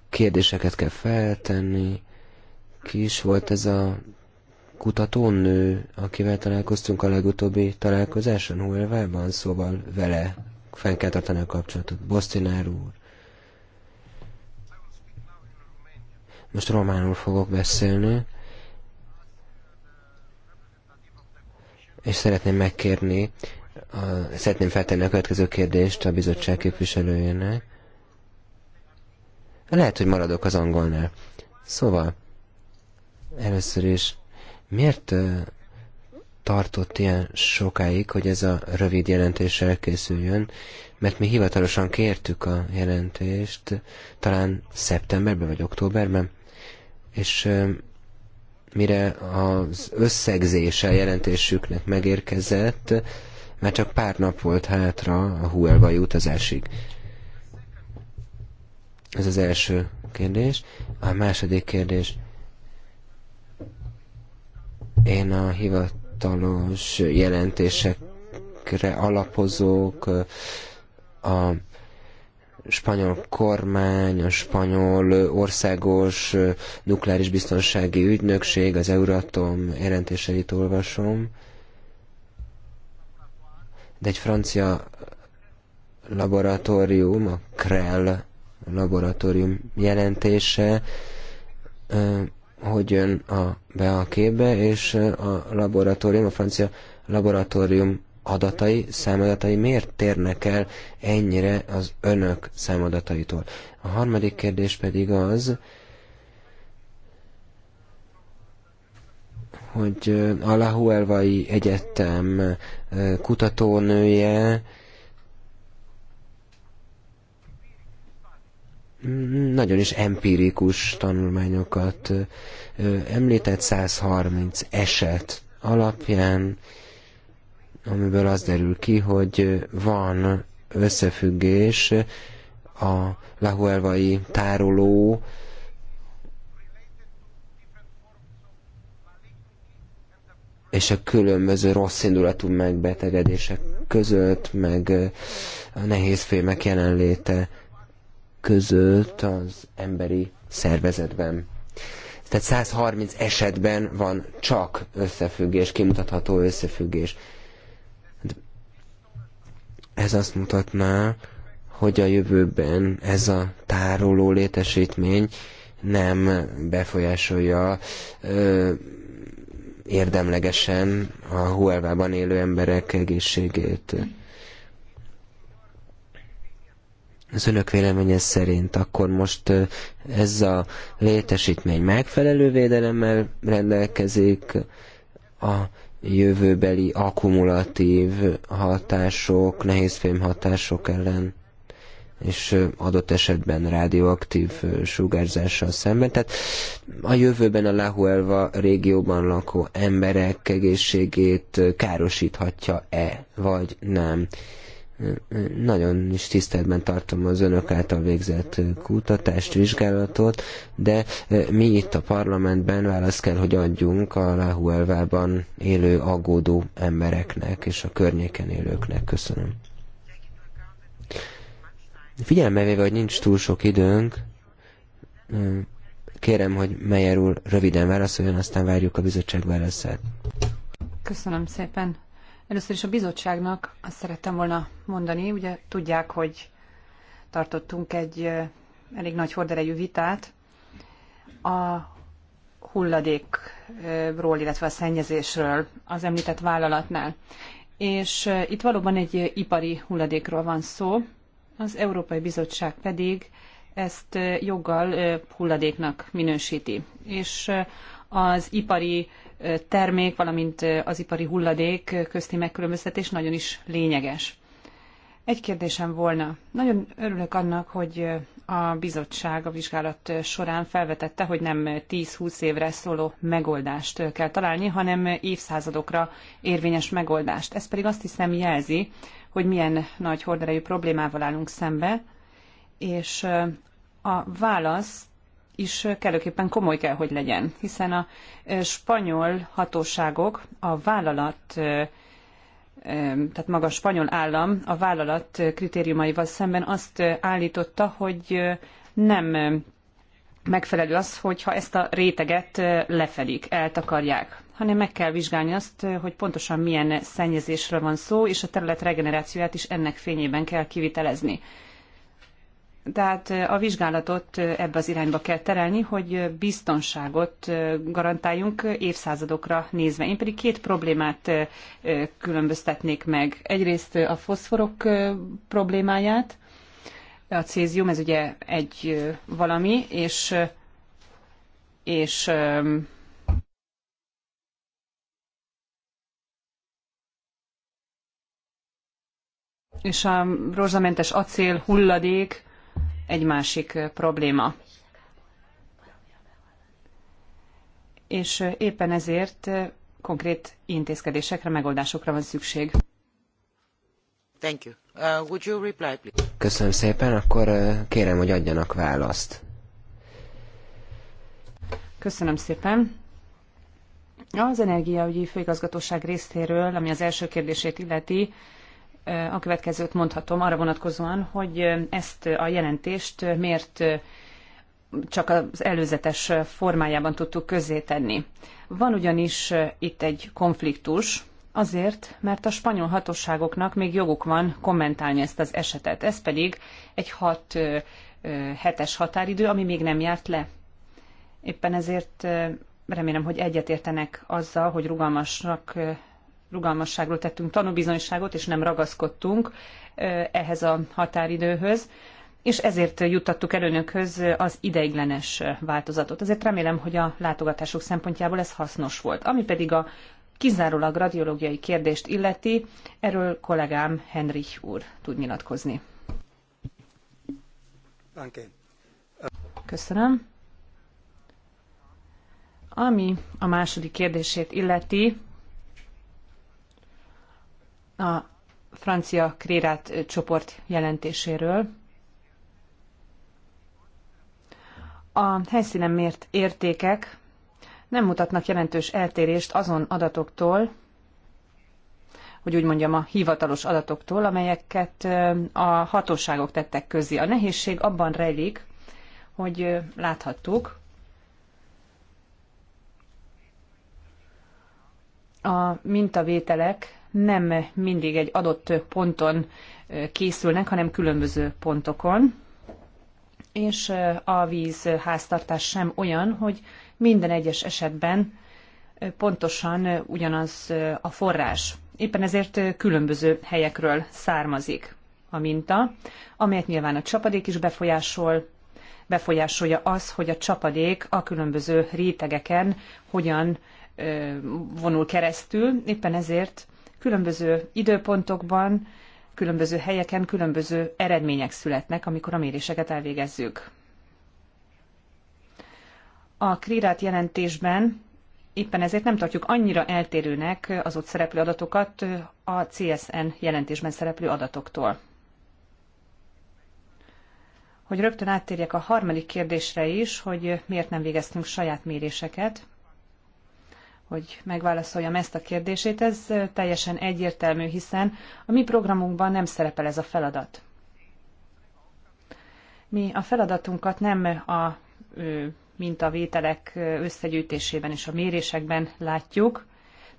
Kérdéseket kell feltenni. Ki is volt ez a kutatónő, akivel találkoztunk a legutóbbi találkozáson Huelvában, szóval vele fenn kell tartani a kapcsolatot. Bosztinár úr. Most románul fogok beszélni. És szeretném megkérni, a, szeretném feltenni a következő kérdést a bizottság képviselőjének. Lehet, hogy maradok az angolnál. Szóval, először is, miért tartott ilyen sokáig, hogy ez a rövid jelentés elkészüljön, mert mi hivatalosan kértük a jelentést, talán szeptemberben vagy októberben és mire az összegzése jelentésüknek megérkezett, már csak pár nap volt hátra a Huelvai utazásig. Ez az első kérdés. A második kérdés. Én a hivatalos jelentésekre alapozók, a spanyol kormány, a spanyol országos nukleáris biztonsági ügynökség, az Euratom jelentéseit olvasom, de egy francia laboratórium, a Krell laboratórium jelentése, hogy jön a, be a képbe, és a laboratórium, a francia laboratórium adatai, számadatai miért térnek el ennyire az önök számadataitól? A harmadik kérdés pedig az, hogy a Lahuelvai Egyetem kutatónője nagyon is empirikus tanulmányokat említett 130 eset alapján amiből az derül ki, hogy van összefüggés a lahuelvai tároló és a különböző rossz indulatú megbetegedések között, meg a nehézfémek jelenléte között az emberi szervezetben. Tehát 130 esetben van csak összefüggés, kimutatható összefüggés. Ez azt mutatná, hogy a jövőben ez a tároló létesítmény nem befolyásolja ö, érdemlegesen a Huelvában élő emberek egészségét. Az önök véleménye szerint akkor most ez a létesítmény megfelelő védelemmel rendelkezik, a jövőbeli akkumulatív hatások, nehézfém hatások ellen és adott esetben radioaktív sugárzással szemben. Tehát a jövőben a Lahuelva régióban lakó emberek egészségét károsíthatja-e, vagy nem nagyon is tiszteletben tartom az önök által végzett kutatást, vizsgálatot, de mi itt a parlamentben választ kell, hogy adjunk a Lahuelvában élő aggódó embereknek és a környéken élőknek. Köszönöm. Figyelme véve, hogy nincs túl sok időnk, kérem, hogy Meyer úr röviden válaszoljon, aztán várjuk a bizottság válaszát. Köszönöm szépen. Először is a bizottságnak azt szerettem volna mondani, ugye tudják, hogy tartottunk egy elég nagy horderejű vitát a hulladékról, illetve a szennyezésről az említett vállalatnál. És itt valóban egy ipari hulladékról van szó, az Európai Bizottság pedig ezt joggal hulladéknak minősíti. És az ipari termék, valamint az ipari hulladék közti megkülönböztetés nagyon is lényeges. Egy kérdésem volna. Nagyon örülök annak, hogy a bizottság a vizsgálat során felvetette, hogy nem 10-20 évre szóló megoldást kell találni, hanem évszázadokra érvényes megoldást. Ez pedig azt hiszem jelzi, hogy milyen nagy horderejű problémával állunk szembe, és a válasz is kellőképpen komoly kell, hogy legyen, hiszen a spanyol hatóságok a vállalat tehát maga a spanyol állam a vállalat kritériumaival szemben azt állította, hogy nem megfelelő az, hogyha ezt a réteget lefelik, eltakarják, hanem meg kell vizsgálni azt, hogy pontosan milyen szennyezésről van szó, és a terület regenerációját is ennek fényében kell kivitelezni. Tehát a vizsgálatot ebbe az irányba kell terelni, hogy biztonságot garantáljunk évszázadokra nézve. Én pedig két problémát különböztetnék meg. Egyrészt a foszforok problémáját, a cézium, ez ugye egy valami, és, és és a rozsamentes acél hulladék, egy másik probléma. És éppen ezért konkrét intézkedésekre, megoldásokra van szükség. Thank you. Uh, would you reply, please? Köszönöm szépen, akkor uh, kérem, hogy adjanak választ. Köszönöm szépen. Az Energiaügyi Főigazgatóság részéről, ami az első kérdését illeti, a következőt mondhatom arra vonatkozóan, hogy ezt a jelentést miért csak az előzetes formájában tudtuk közzétenni. Van ugyanis itt egy konfliktus, azért, mert a spanyol hatóságoknak még joguk van kommentálni ezt az esetet. Ez pedig egy hat hetes határidő, ami még nem járt le. Éppen ezért remélem, hogy egyetértenek azzal, hogy rugalmasnak rugalmasságról tettünk tanúbizonyságot, és nem ragaszkodtunk ehhez a határidőhöz, és ezért juttattuk el önökhöz az ideiglenes változatot. Ezért remélem, hogy a látogatások szempontjából ez hasznos volt. Ami pedig a kizárólag radiológiai kérdést illeti, erről kollégám Henrich úr tud nyilatkozni. Köszönöm. Ami a második kérdését illeti, a francia Krérát csoport jelentéséről. A helyszínen mért értékek nem mutatnak jelentős eltérést azon adatoktól, hogy úgy mondjam, a hivatalos adatoktól, amelyeket a hatóságok tettek közé. A nehézség abban rejlik, hogy láthattuk, a mintavételek nem mindig egy adott ponton készülnek, hanem különböző pontokon. És a vízháztartás sem olyan, hogy minden egyes esetben pontosan ugyanaz a forrás. Éppen ezért különböző helyekről származik a minta, amelyet nyilván a csapadék is befolyásol, befolyásolja az, hogy a csapadék a különböző rétegeken hogyan vonul keresztül, éppen ezért Különböző időpontokban, különböző helyeken különböző eredmények születnek, amikor a méréseket elvégezzük. A Krírát jelentésben éppen ezért nem tartjuk annyira eltérőnek az ott szereplő adatokat a CSN jelentésben szereplő adatoktól. Hogy rögtön áttérjek a harmadik kérdésre is, hogy miért nem végeztünk saját méréseket hogy megválaszoljam ezt a kérdését. Ez teljesen egyértelmű, hiszen a mi programunkban nem szerepel ez a feladat. Mi a feladatunkat nem a mintavételek összegyűjtésében és a mérésekben látjuk.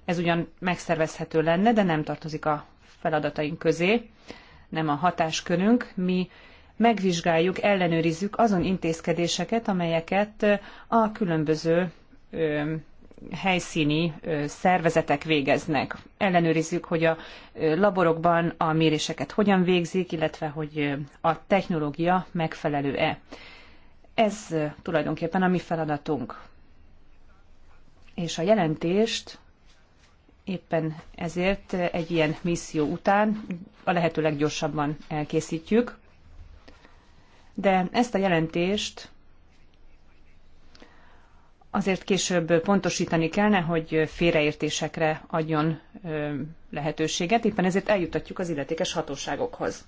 Ez ugyan megszervezhető lenne, de nem tartozik a feladataink közé, nem a hatáskörünk. Mi megvizsgáljuk, ellenőrizzük azon intézkedéseket, amelyeket a különböző helyszíni szervezetek végeznek. Ellenőrizzük, hogy a laborokban a méréseket hogyan végzik, illetve hogy a technológia megfelelő-e. Ez tulajdonképpen a mi feladatunk. És a jelentést éppen ezért egy ilyen misszió után a lehető leggyorsabban elkészítjük. De ezt a jelentést azért később pontosítani kellene, hogy félreértésekre adjon lehetőséget, éppen ezért eljutatjuk az illetékes hatóságokhoz.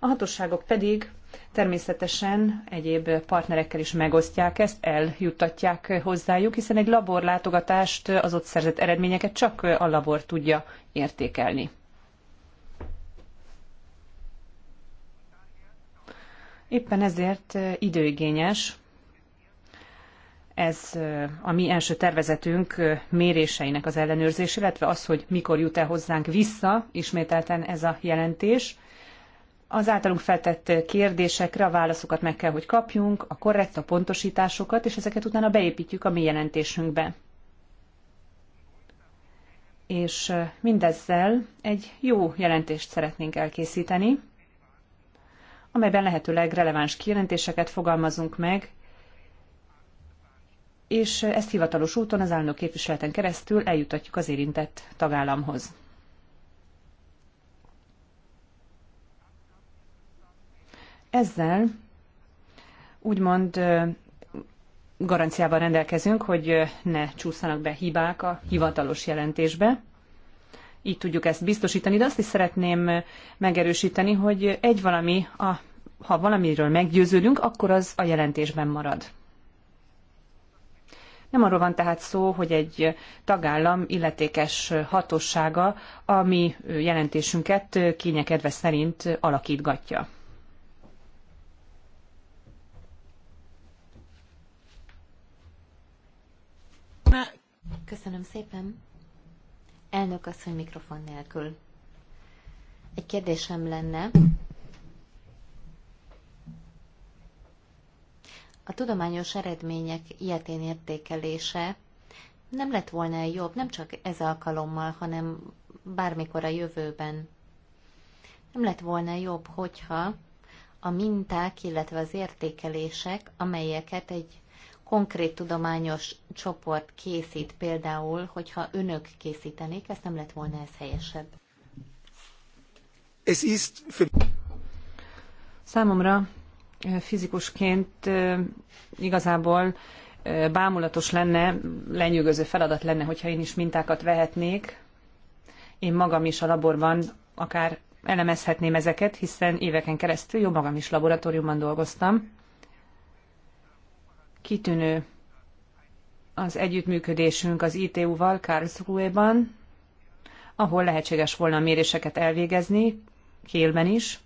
A hatóságok pedig természetesen egyéb partnerekkel is megosztják ezt, eljuttatják hozzájuk, hiszen egy laborlátogatást, az ott szerzett eredményeket csak a labor tudja értékelni. Éppen ezért időigényes ez a mi első tervezetünk méréseinek az ellenőrzés, illetve az, hogy mikor jut el hozzánk vissza ismételten ez a jelentés. Az általunk feltett kérdésekre a válaszokat meg kell, hogy kapjunk, a korrekt, a pontosításokat, és ezeket utána beépítjük a mi jelentésünkbe. És mindezzel egy jó jelentést szeretnénk elkészíteni, amelyben lehetőleg releváns kijelentéseket fogalmazunk meg, és ezt hivatalos úton az állandó képviseleten keresztül eljutatjuk az érintett tagállamhoz. Ezzel úgymond garanciával rendelkezünk, hogy ne csúszanak be hibák a hivatalos jelentésbe. Így tudjuk ezt biztosítani, de azt is szeretném megerősíteni, hogy egy valami, a, ha valamiről meggyőződünk, akkor az a jelentésben marad. Nem arról van tehát szó, hogy egy tagállam illetékes hatósága a mi jelentésünket kényekedve szerint alakítgatja. Köszönöm szépen. Elnök asszony mikrofon nélkül. Egy kérdésem lenne, a tudományos eredmények ilyetén értékelése nem lett volna jobb, nem csak ez alkalommal, hanem bármikor a jövőben. Nem lett volna jobb, hogyha a minták, illetve az értékelések, amelyeket egy konkrét tudományos csoport készít, például, hogyha önök készítenék, ezt nem lett volna ez helyesebb. ist für... Számomra fizikusként igazából bámulatos lenne, lenyűgöző feladat lenne, hogyha én is mintákat vehetnék. Én magam is a laborban akár elemezhetném ezeket, hiszen éveken keresztül jó magam is laboratóriumban dolgoztam. Kitűnő az együttműködésünk az ITU-val Karlsruhe-ban, ahol lehetséges volna a méréseket elvégezni, Kélben is,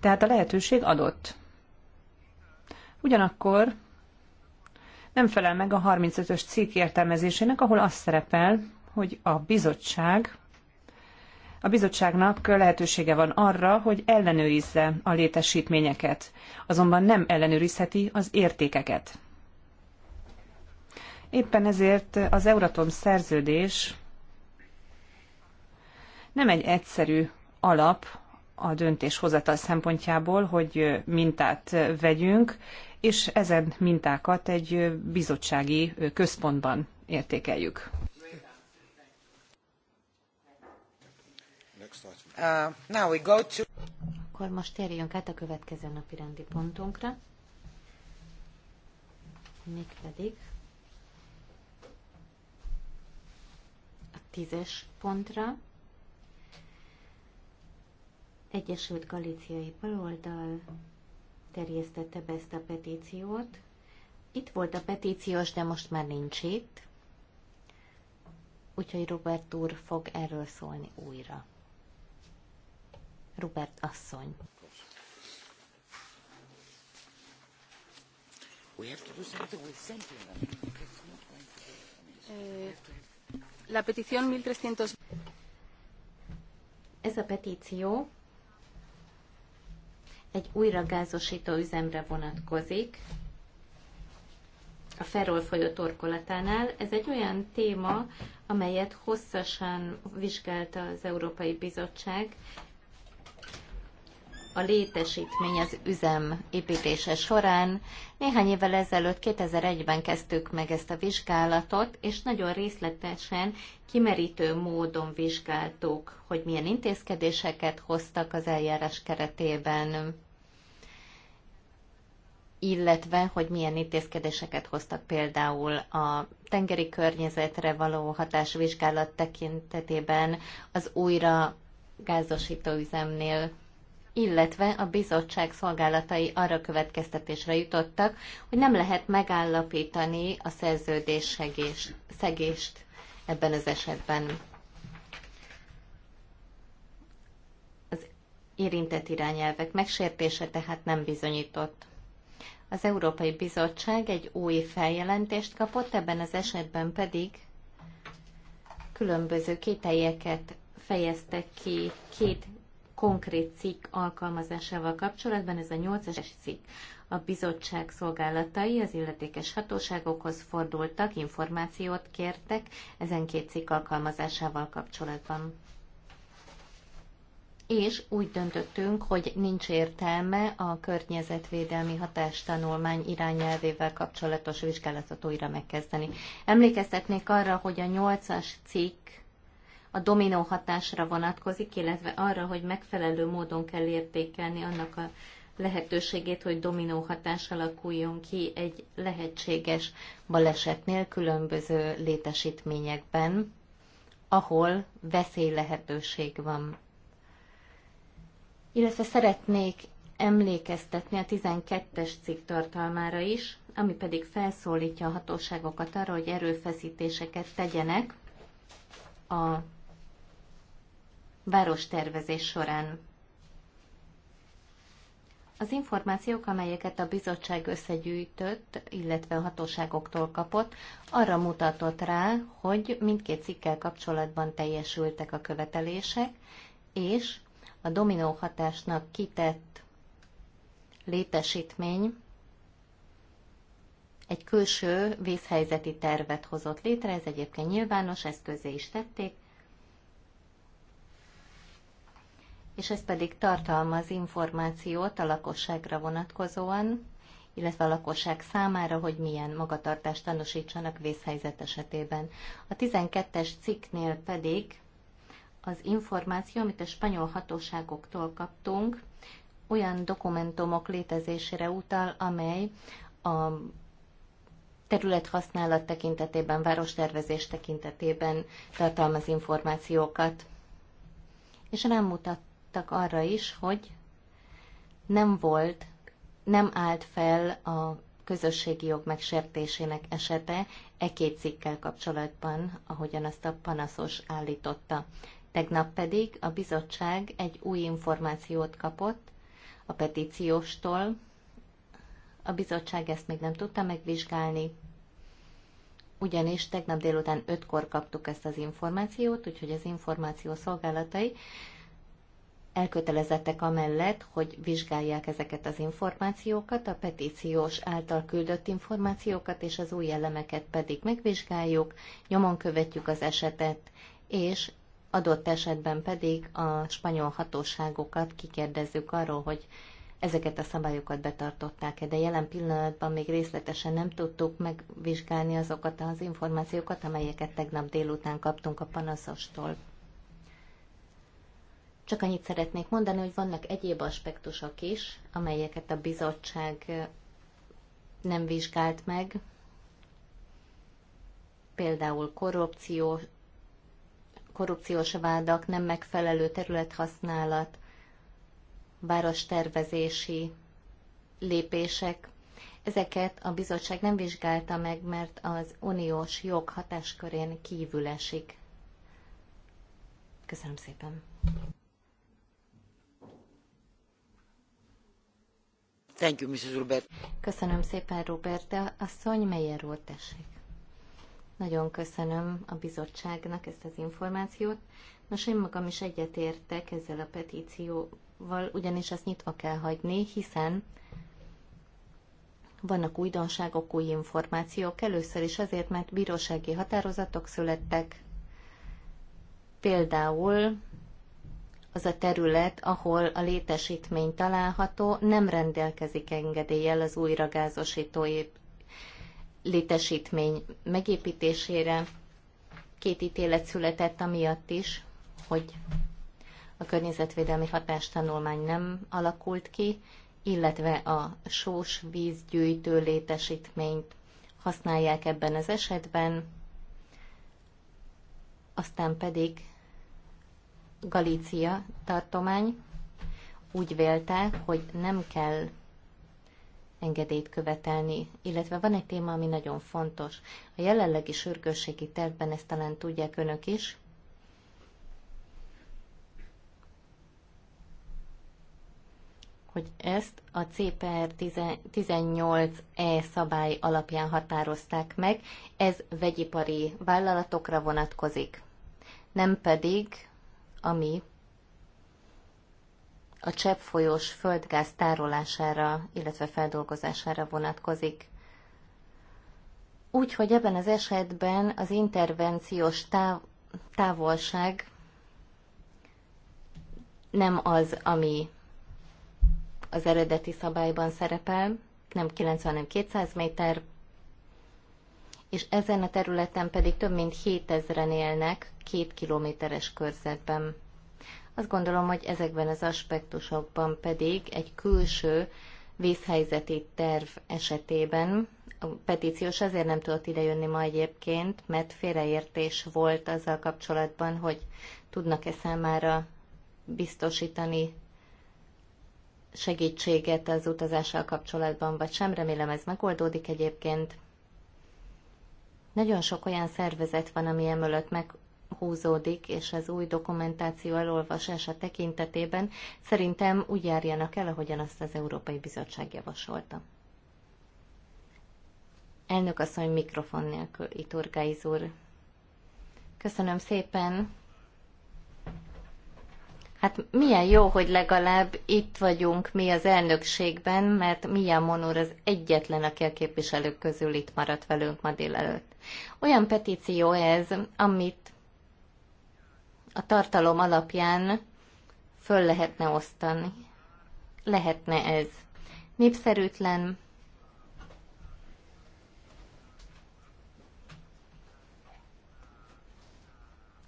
tehát a lehetőség adott. Ugyanakkor nem felel meg a 35-ös cikk értelmezésének, ahol az szerepel, hogy a bizottság a bizottságnak lehetősége van arra, hogy ellenőrizze a létesítményeket, azonban nem ellenőrizheti az értékeket. Éppen ezért az Euratom szerződés nem egy egyszerű alap a döntéshozatal szempontjából, hogy mintát vegyünk, és ezen mintákat egy bizottsági központban értékeljük. Uh, now we go to... Akkor most térjünk át a következő napi rendi pontunkra, Még pedig a tízes pontra, Egyesült Galíciai Baloldal terjesztette be ezt a petíciót. Itt volt a petíciós, de most már nincs itt. Úgyhogy Robert úr fog erről szólni újra. Robert asszony. La petición 1300. Ez a petíció egy gázosító üzemre vonatkozik a Ferol folyó torkolatánál. Ez egy olyan téma, amelyet hosszasan vizsgálta az Európai Bizottság, a létesítmény az üzem építése során. Néhány évvel ezelőtt, 2001-ben kezdtük meg ezt a vizsgálatot, és nagyon részletesen, kimerítő módon vizsgáltuk, hogy milyen intézkedéseket hoztak az eljárás keretében, illetve hogy milyen intézkedéseket hoztak például a tengeri környezetre való hatásvizsgálat tekintetében az újra gázosító üzemnél illetve a bizottság szolgálatai arra következtetésre jutottak, hogy nem lehet megállapítani a szerződés segés, szegést ebben az esetben. Az érintett irányelvek megsértése tehát nem bizonyított. Az Európai Bizottság egy új feljelentést kapott, ebben az esetben pedig különböző kételjeket fejeztek ki két konkrét cikk alkalmazásával kapcsolatban, ez a 8-es cikk. A bizottság szolgálatai az illetékes hatóságokhoz fordultak, információt kértek ezen két cikk alkalmazásával kapcsolatban. És úgy döntöttünk, hogy nincs értelme a környezetvédelmi hatástanulmány irányelvével kapcsolatos vizsgálatot újra megkezdeni. Emlékeztetnék arra, hogy a 8-as cikk a dominó hatásra vonatkozik, illetve arra, hogy megfelelő módon kell értékelni annak a lehetőségét, hogy dominó hatás alakuljon ki egy lehetséges balesetnél különböző létesítményekben, ahol veszély lehetőség van. Illetve szeretnék emlékeztetni a 12-es cikk tartalmára is, ami pedig felszólítja a hatóságokat arra, hogy erőfeszítéseket tegyenek a várostervezés során. Az információk, amelyeket a bizottság összegyűjtött, illetve a hatóságoktól kapott, arra mutatott rá, hogy mindkét cikkel kapcsolatban teljesültek a követelések, és a dominó hatásnak kitett létesítmény egy külső vészhelyzeti tervet hozott létre, ez egyébként nyilvános, ezt közé is tették, és ez pedig tartalmaz információt a lakosságra vonatkozóan, illetve a lakosság számára, hogy milyen magatartást tanúsítsanak vészhelyzet esetében. A 12-es cikknél pedig az információ, amit a spanyol hatóságoktól kaptunk, olyan dokumentumok létezésére utal, amely a területhasználat tekintetében, várostervezés tekintetében tartalmaz információkat. És rámutat rámutattak arra is, hogy nem volt, nem állt fel a közösségi jog megsértésének esete e két cikkel kapcsolatban, ahogyan azt a panaszos állította. Tegnap pedig a bizottság egy új információt kapott a petícióstól. A bizottság ezt még nem tudta megvizsgálni, ugyanis tegnap délután ötkor kaptuk ezt az információt, úgyhogy az információ szolgálatai elkötelezettek amellett, hogy vizsgálják ezeket az információkat, a petíciós által küldött információkat és az új elemeket pedig megvizsgáljuk, nyomon követjük az esetet, és adott esetben pedig a spanyol hatóságokat kikérdezzük arról, hogy ezeket a szabályokat betartották-e, de jelen pillanatban még részletesen nem tudtuk megvizsgálni azokat az információkat, amelyeket tegnap délután kaptunk a panaszostól. Csak annyit szeretnék mondani, hogy vannak egyéb aspektusok is, amelyeket a bizottság nem vizsgált meg, például korrupció, korrupciós vádak, nem megfelelő területhasználat, várostervezési lépések. Ezeket a bizottság nem vizsgálta meg, mert az uniós jog hatáskörén kívül esik. Köszönöm szépen! Thank you, Mrs. Robert. Köszönöm szépen, Robert, de asszony, melyen úr, tessék. Nagyon köszönöm a bizottságnak ezt az információt. Nos, én magam is egyetértek ezzel a petícióval, ugyanis ezt nyitva kell hagyni, hiszen vannak újdonságok, új információk. Először is azért, mert bírósági határozatok születtek, például az a terület, ahol a létesítmény található, nem rendelkezik engedéllyel az újragázosító létesítmény megépítésére. Két ítélet született amiatt is, hogy a környezetvédelmi hatástanulmány nem alakult ki, illetve a sós vízgyűjtő létesítményt használják ebben az esetben, aztán pedig Galícia tartomány úgy vélte, hogy nem kell engedélyt követelni, illetve van egy téma, ami nagyon fontos. A jelenlegi sürgősségi tervben ezt talán tudják önök is, hogy ezt a CPR 18E szabály alapján határozták meg, ez vegyipari vállalatokra vonatkozik, nem pedig ami a csepp folyós földgáz tárolására, illetve feldolgozására vonatkozik. Úgyhogy ebben az esetben az intervenciós táv- távolság nem az, ami az eredeti szabályban szerepel, nem 90, hanem 200 méter, és ezen a területen pedig több mint 7000-en élnek két kilométeres körzetben. Azt gondolom, hogy ezekben az aspektusokban pedig egy külső vészhelyzeti terv esetében a petíciós azért nem tudott idejönni ma egyébként, mert félreértés volt azzal kapcsolatban, hogy tudnak-e számára biztosítani segítséget az utazással kapcsolatban, vagy sem. Remélem ez megoldódik egyébként. Nagyon sok olyan szervezet van, ami emölött meghúzódik, és az új dokumentáció elolvasása tekintetében szerintem úgy járjanak el, ahogyan azt az Európai Bizottság javasolta. Elnök asszony mikrofon nélkül, Iturgáiz úr. Köszönöm szépen! Hát milyen jó, hogy legalább itt vagyunk mi az elnökségben, mert milyen monor az egyetlen, aki a képviselők közül itt maradt velünk ma délelőtt. Olyan petíció ez, amit a tartalom alapján föl lehetne osztani. Lehetne ez. Népszerűtlen,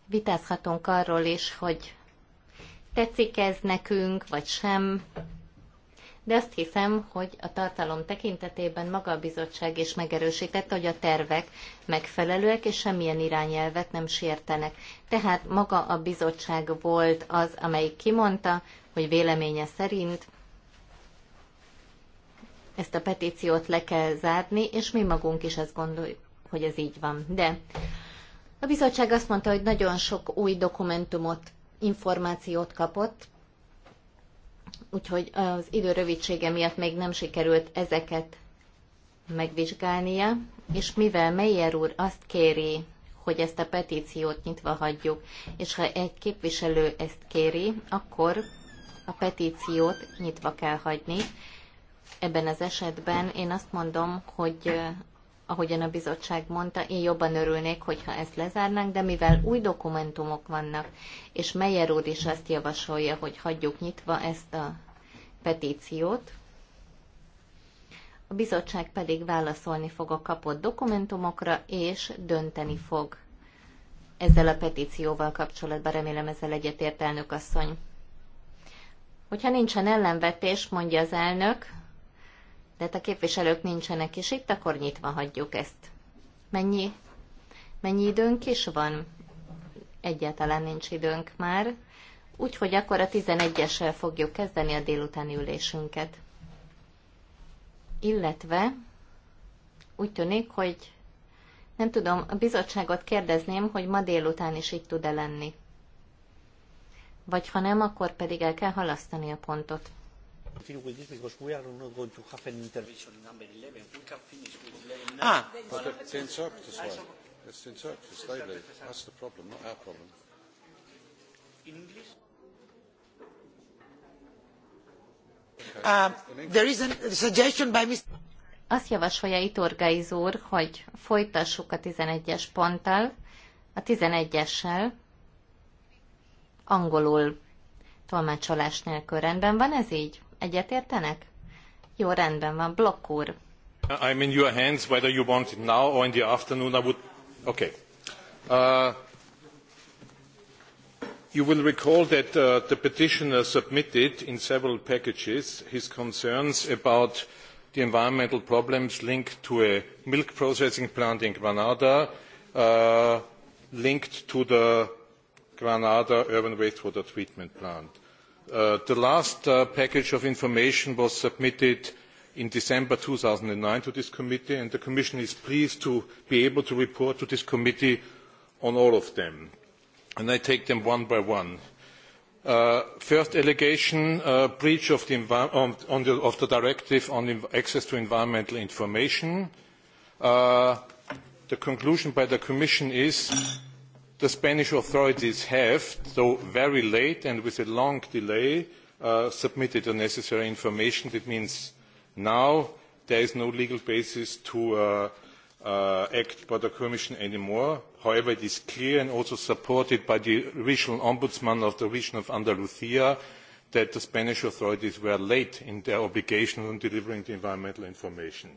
vitázhatunk arról is, hogy tetszik ez nekünk, vagy sem. De azt hiszem, hogy a tartalom tekintetében maga a bizottság is megerősítette, hogy a tervek megfelelőek, és semmilyen irányelvet nem sértenek. Tehát maga a bizottság volt az, amelyik kimondta, hogy véleménye szerint ezt a petíciót le kell zárni, és mi magunk is azt gondoljuk, hogy ez így van. De a bizottság azt mondta, hogy nagyon sok új dokumentumot információt kapott, úgyhogy az idő rövidsége miatt még nem sikerült ezeket megvizsgálnia, és mivel Meyer úr azt kéri, hogy ezt a petíciót nyitva hagyjuk, és ha egy képviselő ezt kéri, akkor a petíciót nyitva kell hagyni. Ebben az esetben én azt mondom, hogy ahogyan a bizottság mondta, én jobban örülnék, hogyha ezt lezárnánk, de mivel új dokumentumok vannak, és Meyer úr is azt javasolja, hogy hagyjuk nyitva ezt a petíciót, a bizottság pedig válaszolni fog a kapott dokumentumokra, és dönteni fog ezzel a petícióval kapcsolatban. Remélem ezzel egyetért elnök asszony. Hogyha nincsen ellenvetés, mondja az elnök, de hát a képviselők nincsenek is itt, akkor nyitva hagyjuk ezt. Mennyi, mennyi időnk is van? Egyáltalán nincs időnk már. Úgyhogy akkor a 11-essel fogjuk kezdeni a délutáni ülésünket. Illetve úgy tűnik, hogy nem tudom, a bizottságot kérdezném, hogy ma délután is itt tud-e lenni. Vagy ha nem, akkor pedig el kell halasztani a pontot. Ah, but it's the interpreter's It's the interpreter's. They leave. That's the problem, not our problem. Ah, In English? Azt javasolja Itorgaiz úr, hogy folytassuk a 11-es ponttal, a 11-essel, angolul tolmácsolás nélkül. Rendben van ez így? Egyetértenek? Jó, rendben van. Blokk úr. I'm in your hands, whether you want it now or in the afternoon, I would... Okay. Uh, you will recall that uh, the petitioner submitted in several packages his concerns about the environmental problems linked to a milk processing plant in Granada, uh, linked to the Granada urban wastewater treatment plant Uh, the last uh, package of information was submitted in december two thousand and nine to this committee and the commission is pleased to be able to report to this committee on all of them. i take them one by one. the uh, first allegation a breach of the, directive on access to environmental information. the conclusion by the commission is that the Spanish authorities have, though very late and with a long delay, uh, submitted the necessary information. That means now there is no legal basis to uh, uh, act by the Commission anymore. However, it is clear and also supported by the regional ombudsman of the region of andaluca that the Spanish authorities were late in their obligation on delivering the environmental information.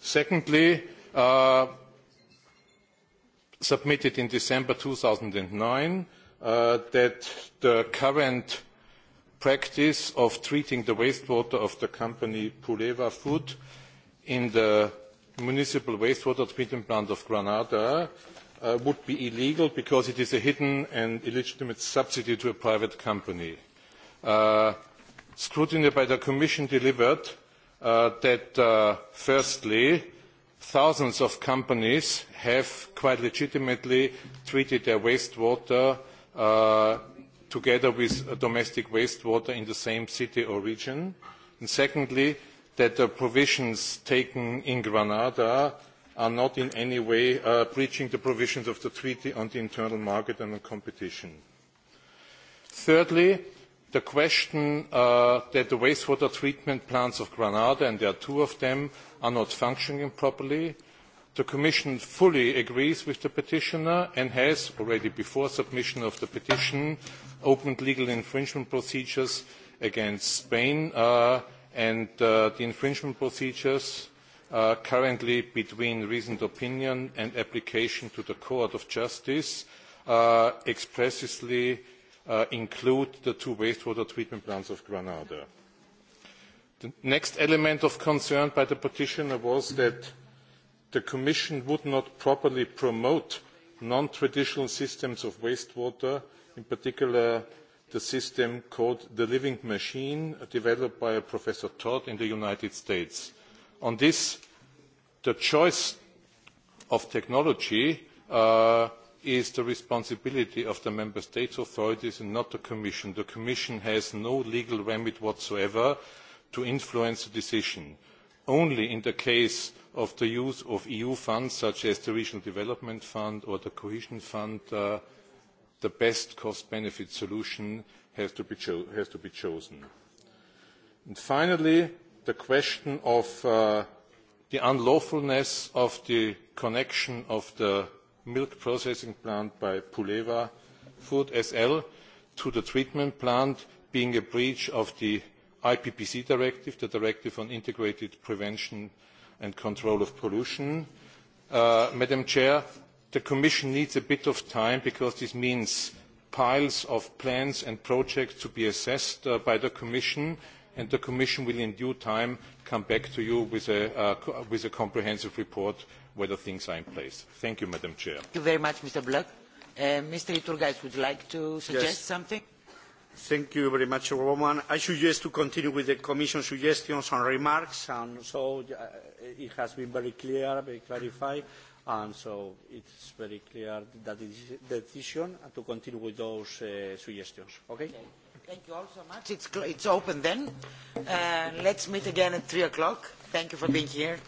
Secondly, submitted in December 2009 uh, that the current practice of treating the wastewater of the company Puleva Food in the municipal wastewater treatment plant of Granada uh, would be illegal because it is a hidden and illegitimate subsidy to a private company. Uh, scrutiny by the Commission delivered uh, that, uh, firstly, thousands of companies have quite legitimately treated their wastewater uh, together with uh, domestic wastewater in the same city or region. And secondly, that the provisions taken in Granada are not in any way uh, breaching the provisions of the Treaty on the Internal Market and on Competition. Thirdly, the question uh, that the wastewater treatment plants of Granada, and there are two of them, are not functioning properly. The Commission fully agrees with the petitioner and has, already before submission of the petition, opened legal infringement procedures against Spain uh, and uh, the infringement procedures uh, currently between reasoned opinion and application to the Court of Justice uh, expressly Uh, include the two wastewater treatment plants of granada. the next element of concern by the petitioner was that the commission would not properly promote non traditional systems of wastewater in particular the system called the living machine developed by professor todd in the united states. on this the choice of technology uh, is the responsibility of the member states' authorities and not the commission. the commission has no legal remit whatsoever to influence the decision. only in the case of the use of eu funds such as the regional development fund or the cohesion fund uh, the best cost benefit solution has to be, chosen. finally the question of uh, the unlawfulness of the connection of the milk processing plant by puleva food sl to the treatment plant being a breach of the ippc directive the directive on integrated prevention and control of pollution. Uh, madam chair the commission needs a bit of time because this means piles of plans and projects to be assessed uh, by the commission and the commission will in due time come back to you with a uh, comprehensive report whether things are in place. Thank you, Madam Chair. Thank you very much, Mr. Black. Uh, Mr. Iturgais, would you like to suggest yes. something? Thank you very much, Roman. I suggest to continue with the Commission suggestions and remarks, and so uh, it has been very clear, very clarified, and so it's very clear that it is the decision to continue with those uh, suggestions. Okay? okay? Thank you all so much. It's, it's open then. Uh, let's meet again at 3 o'clock. Thank you for being here.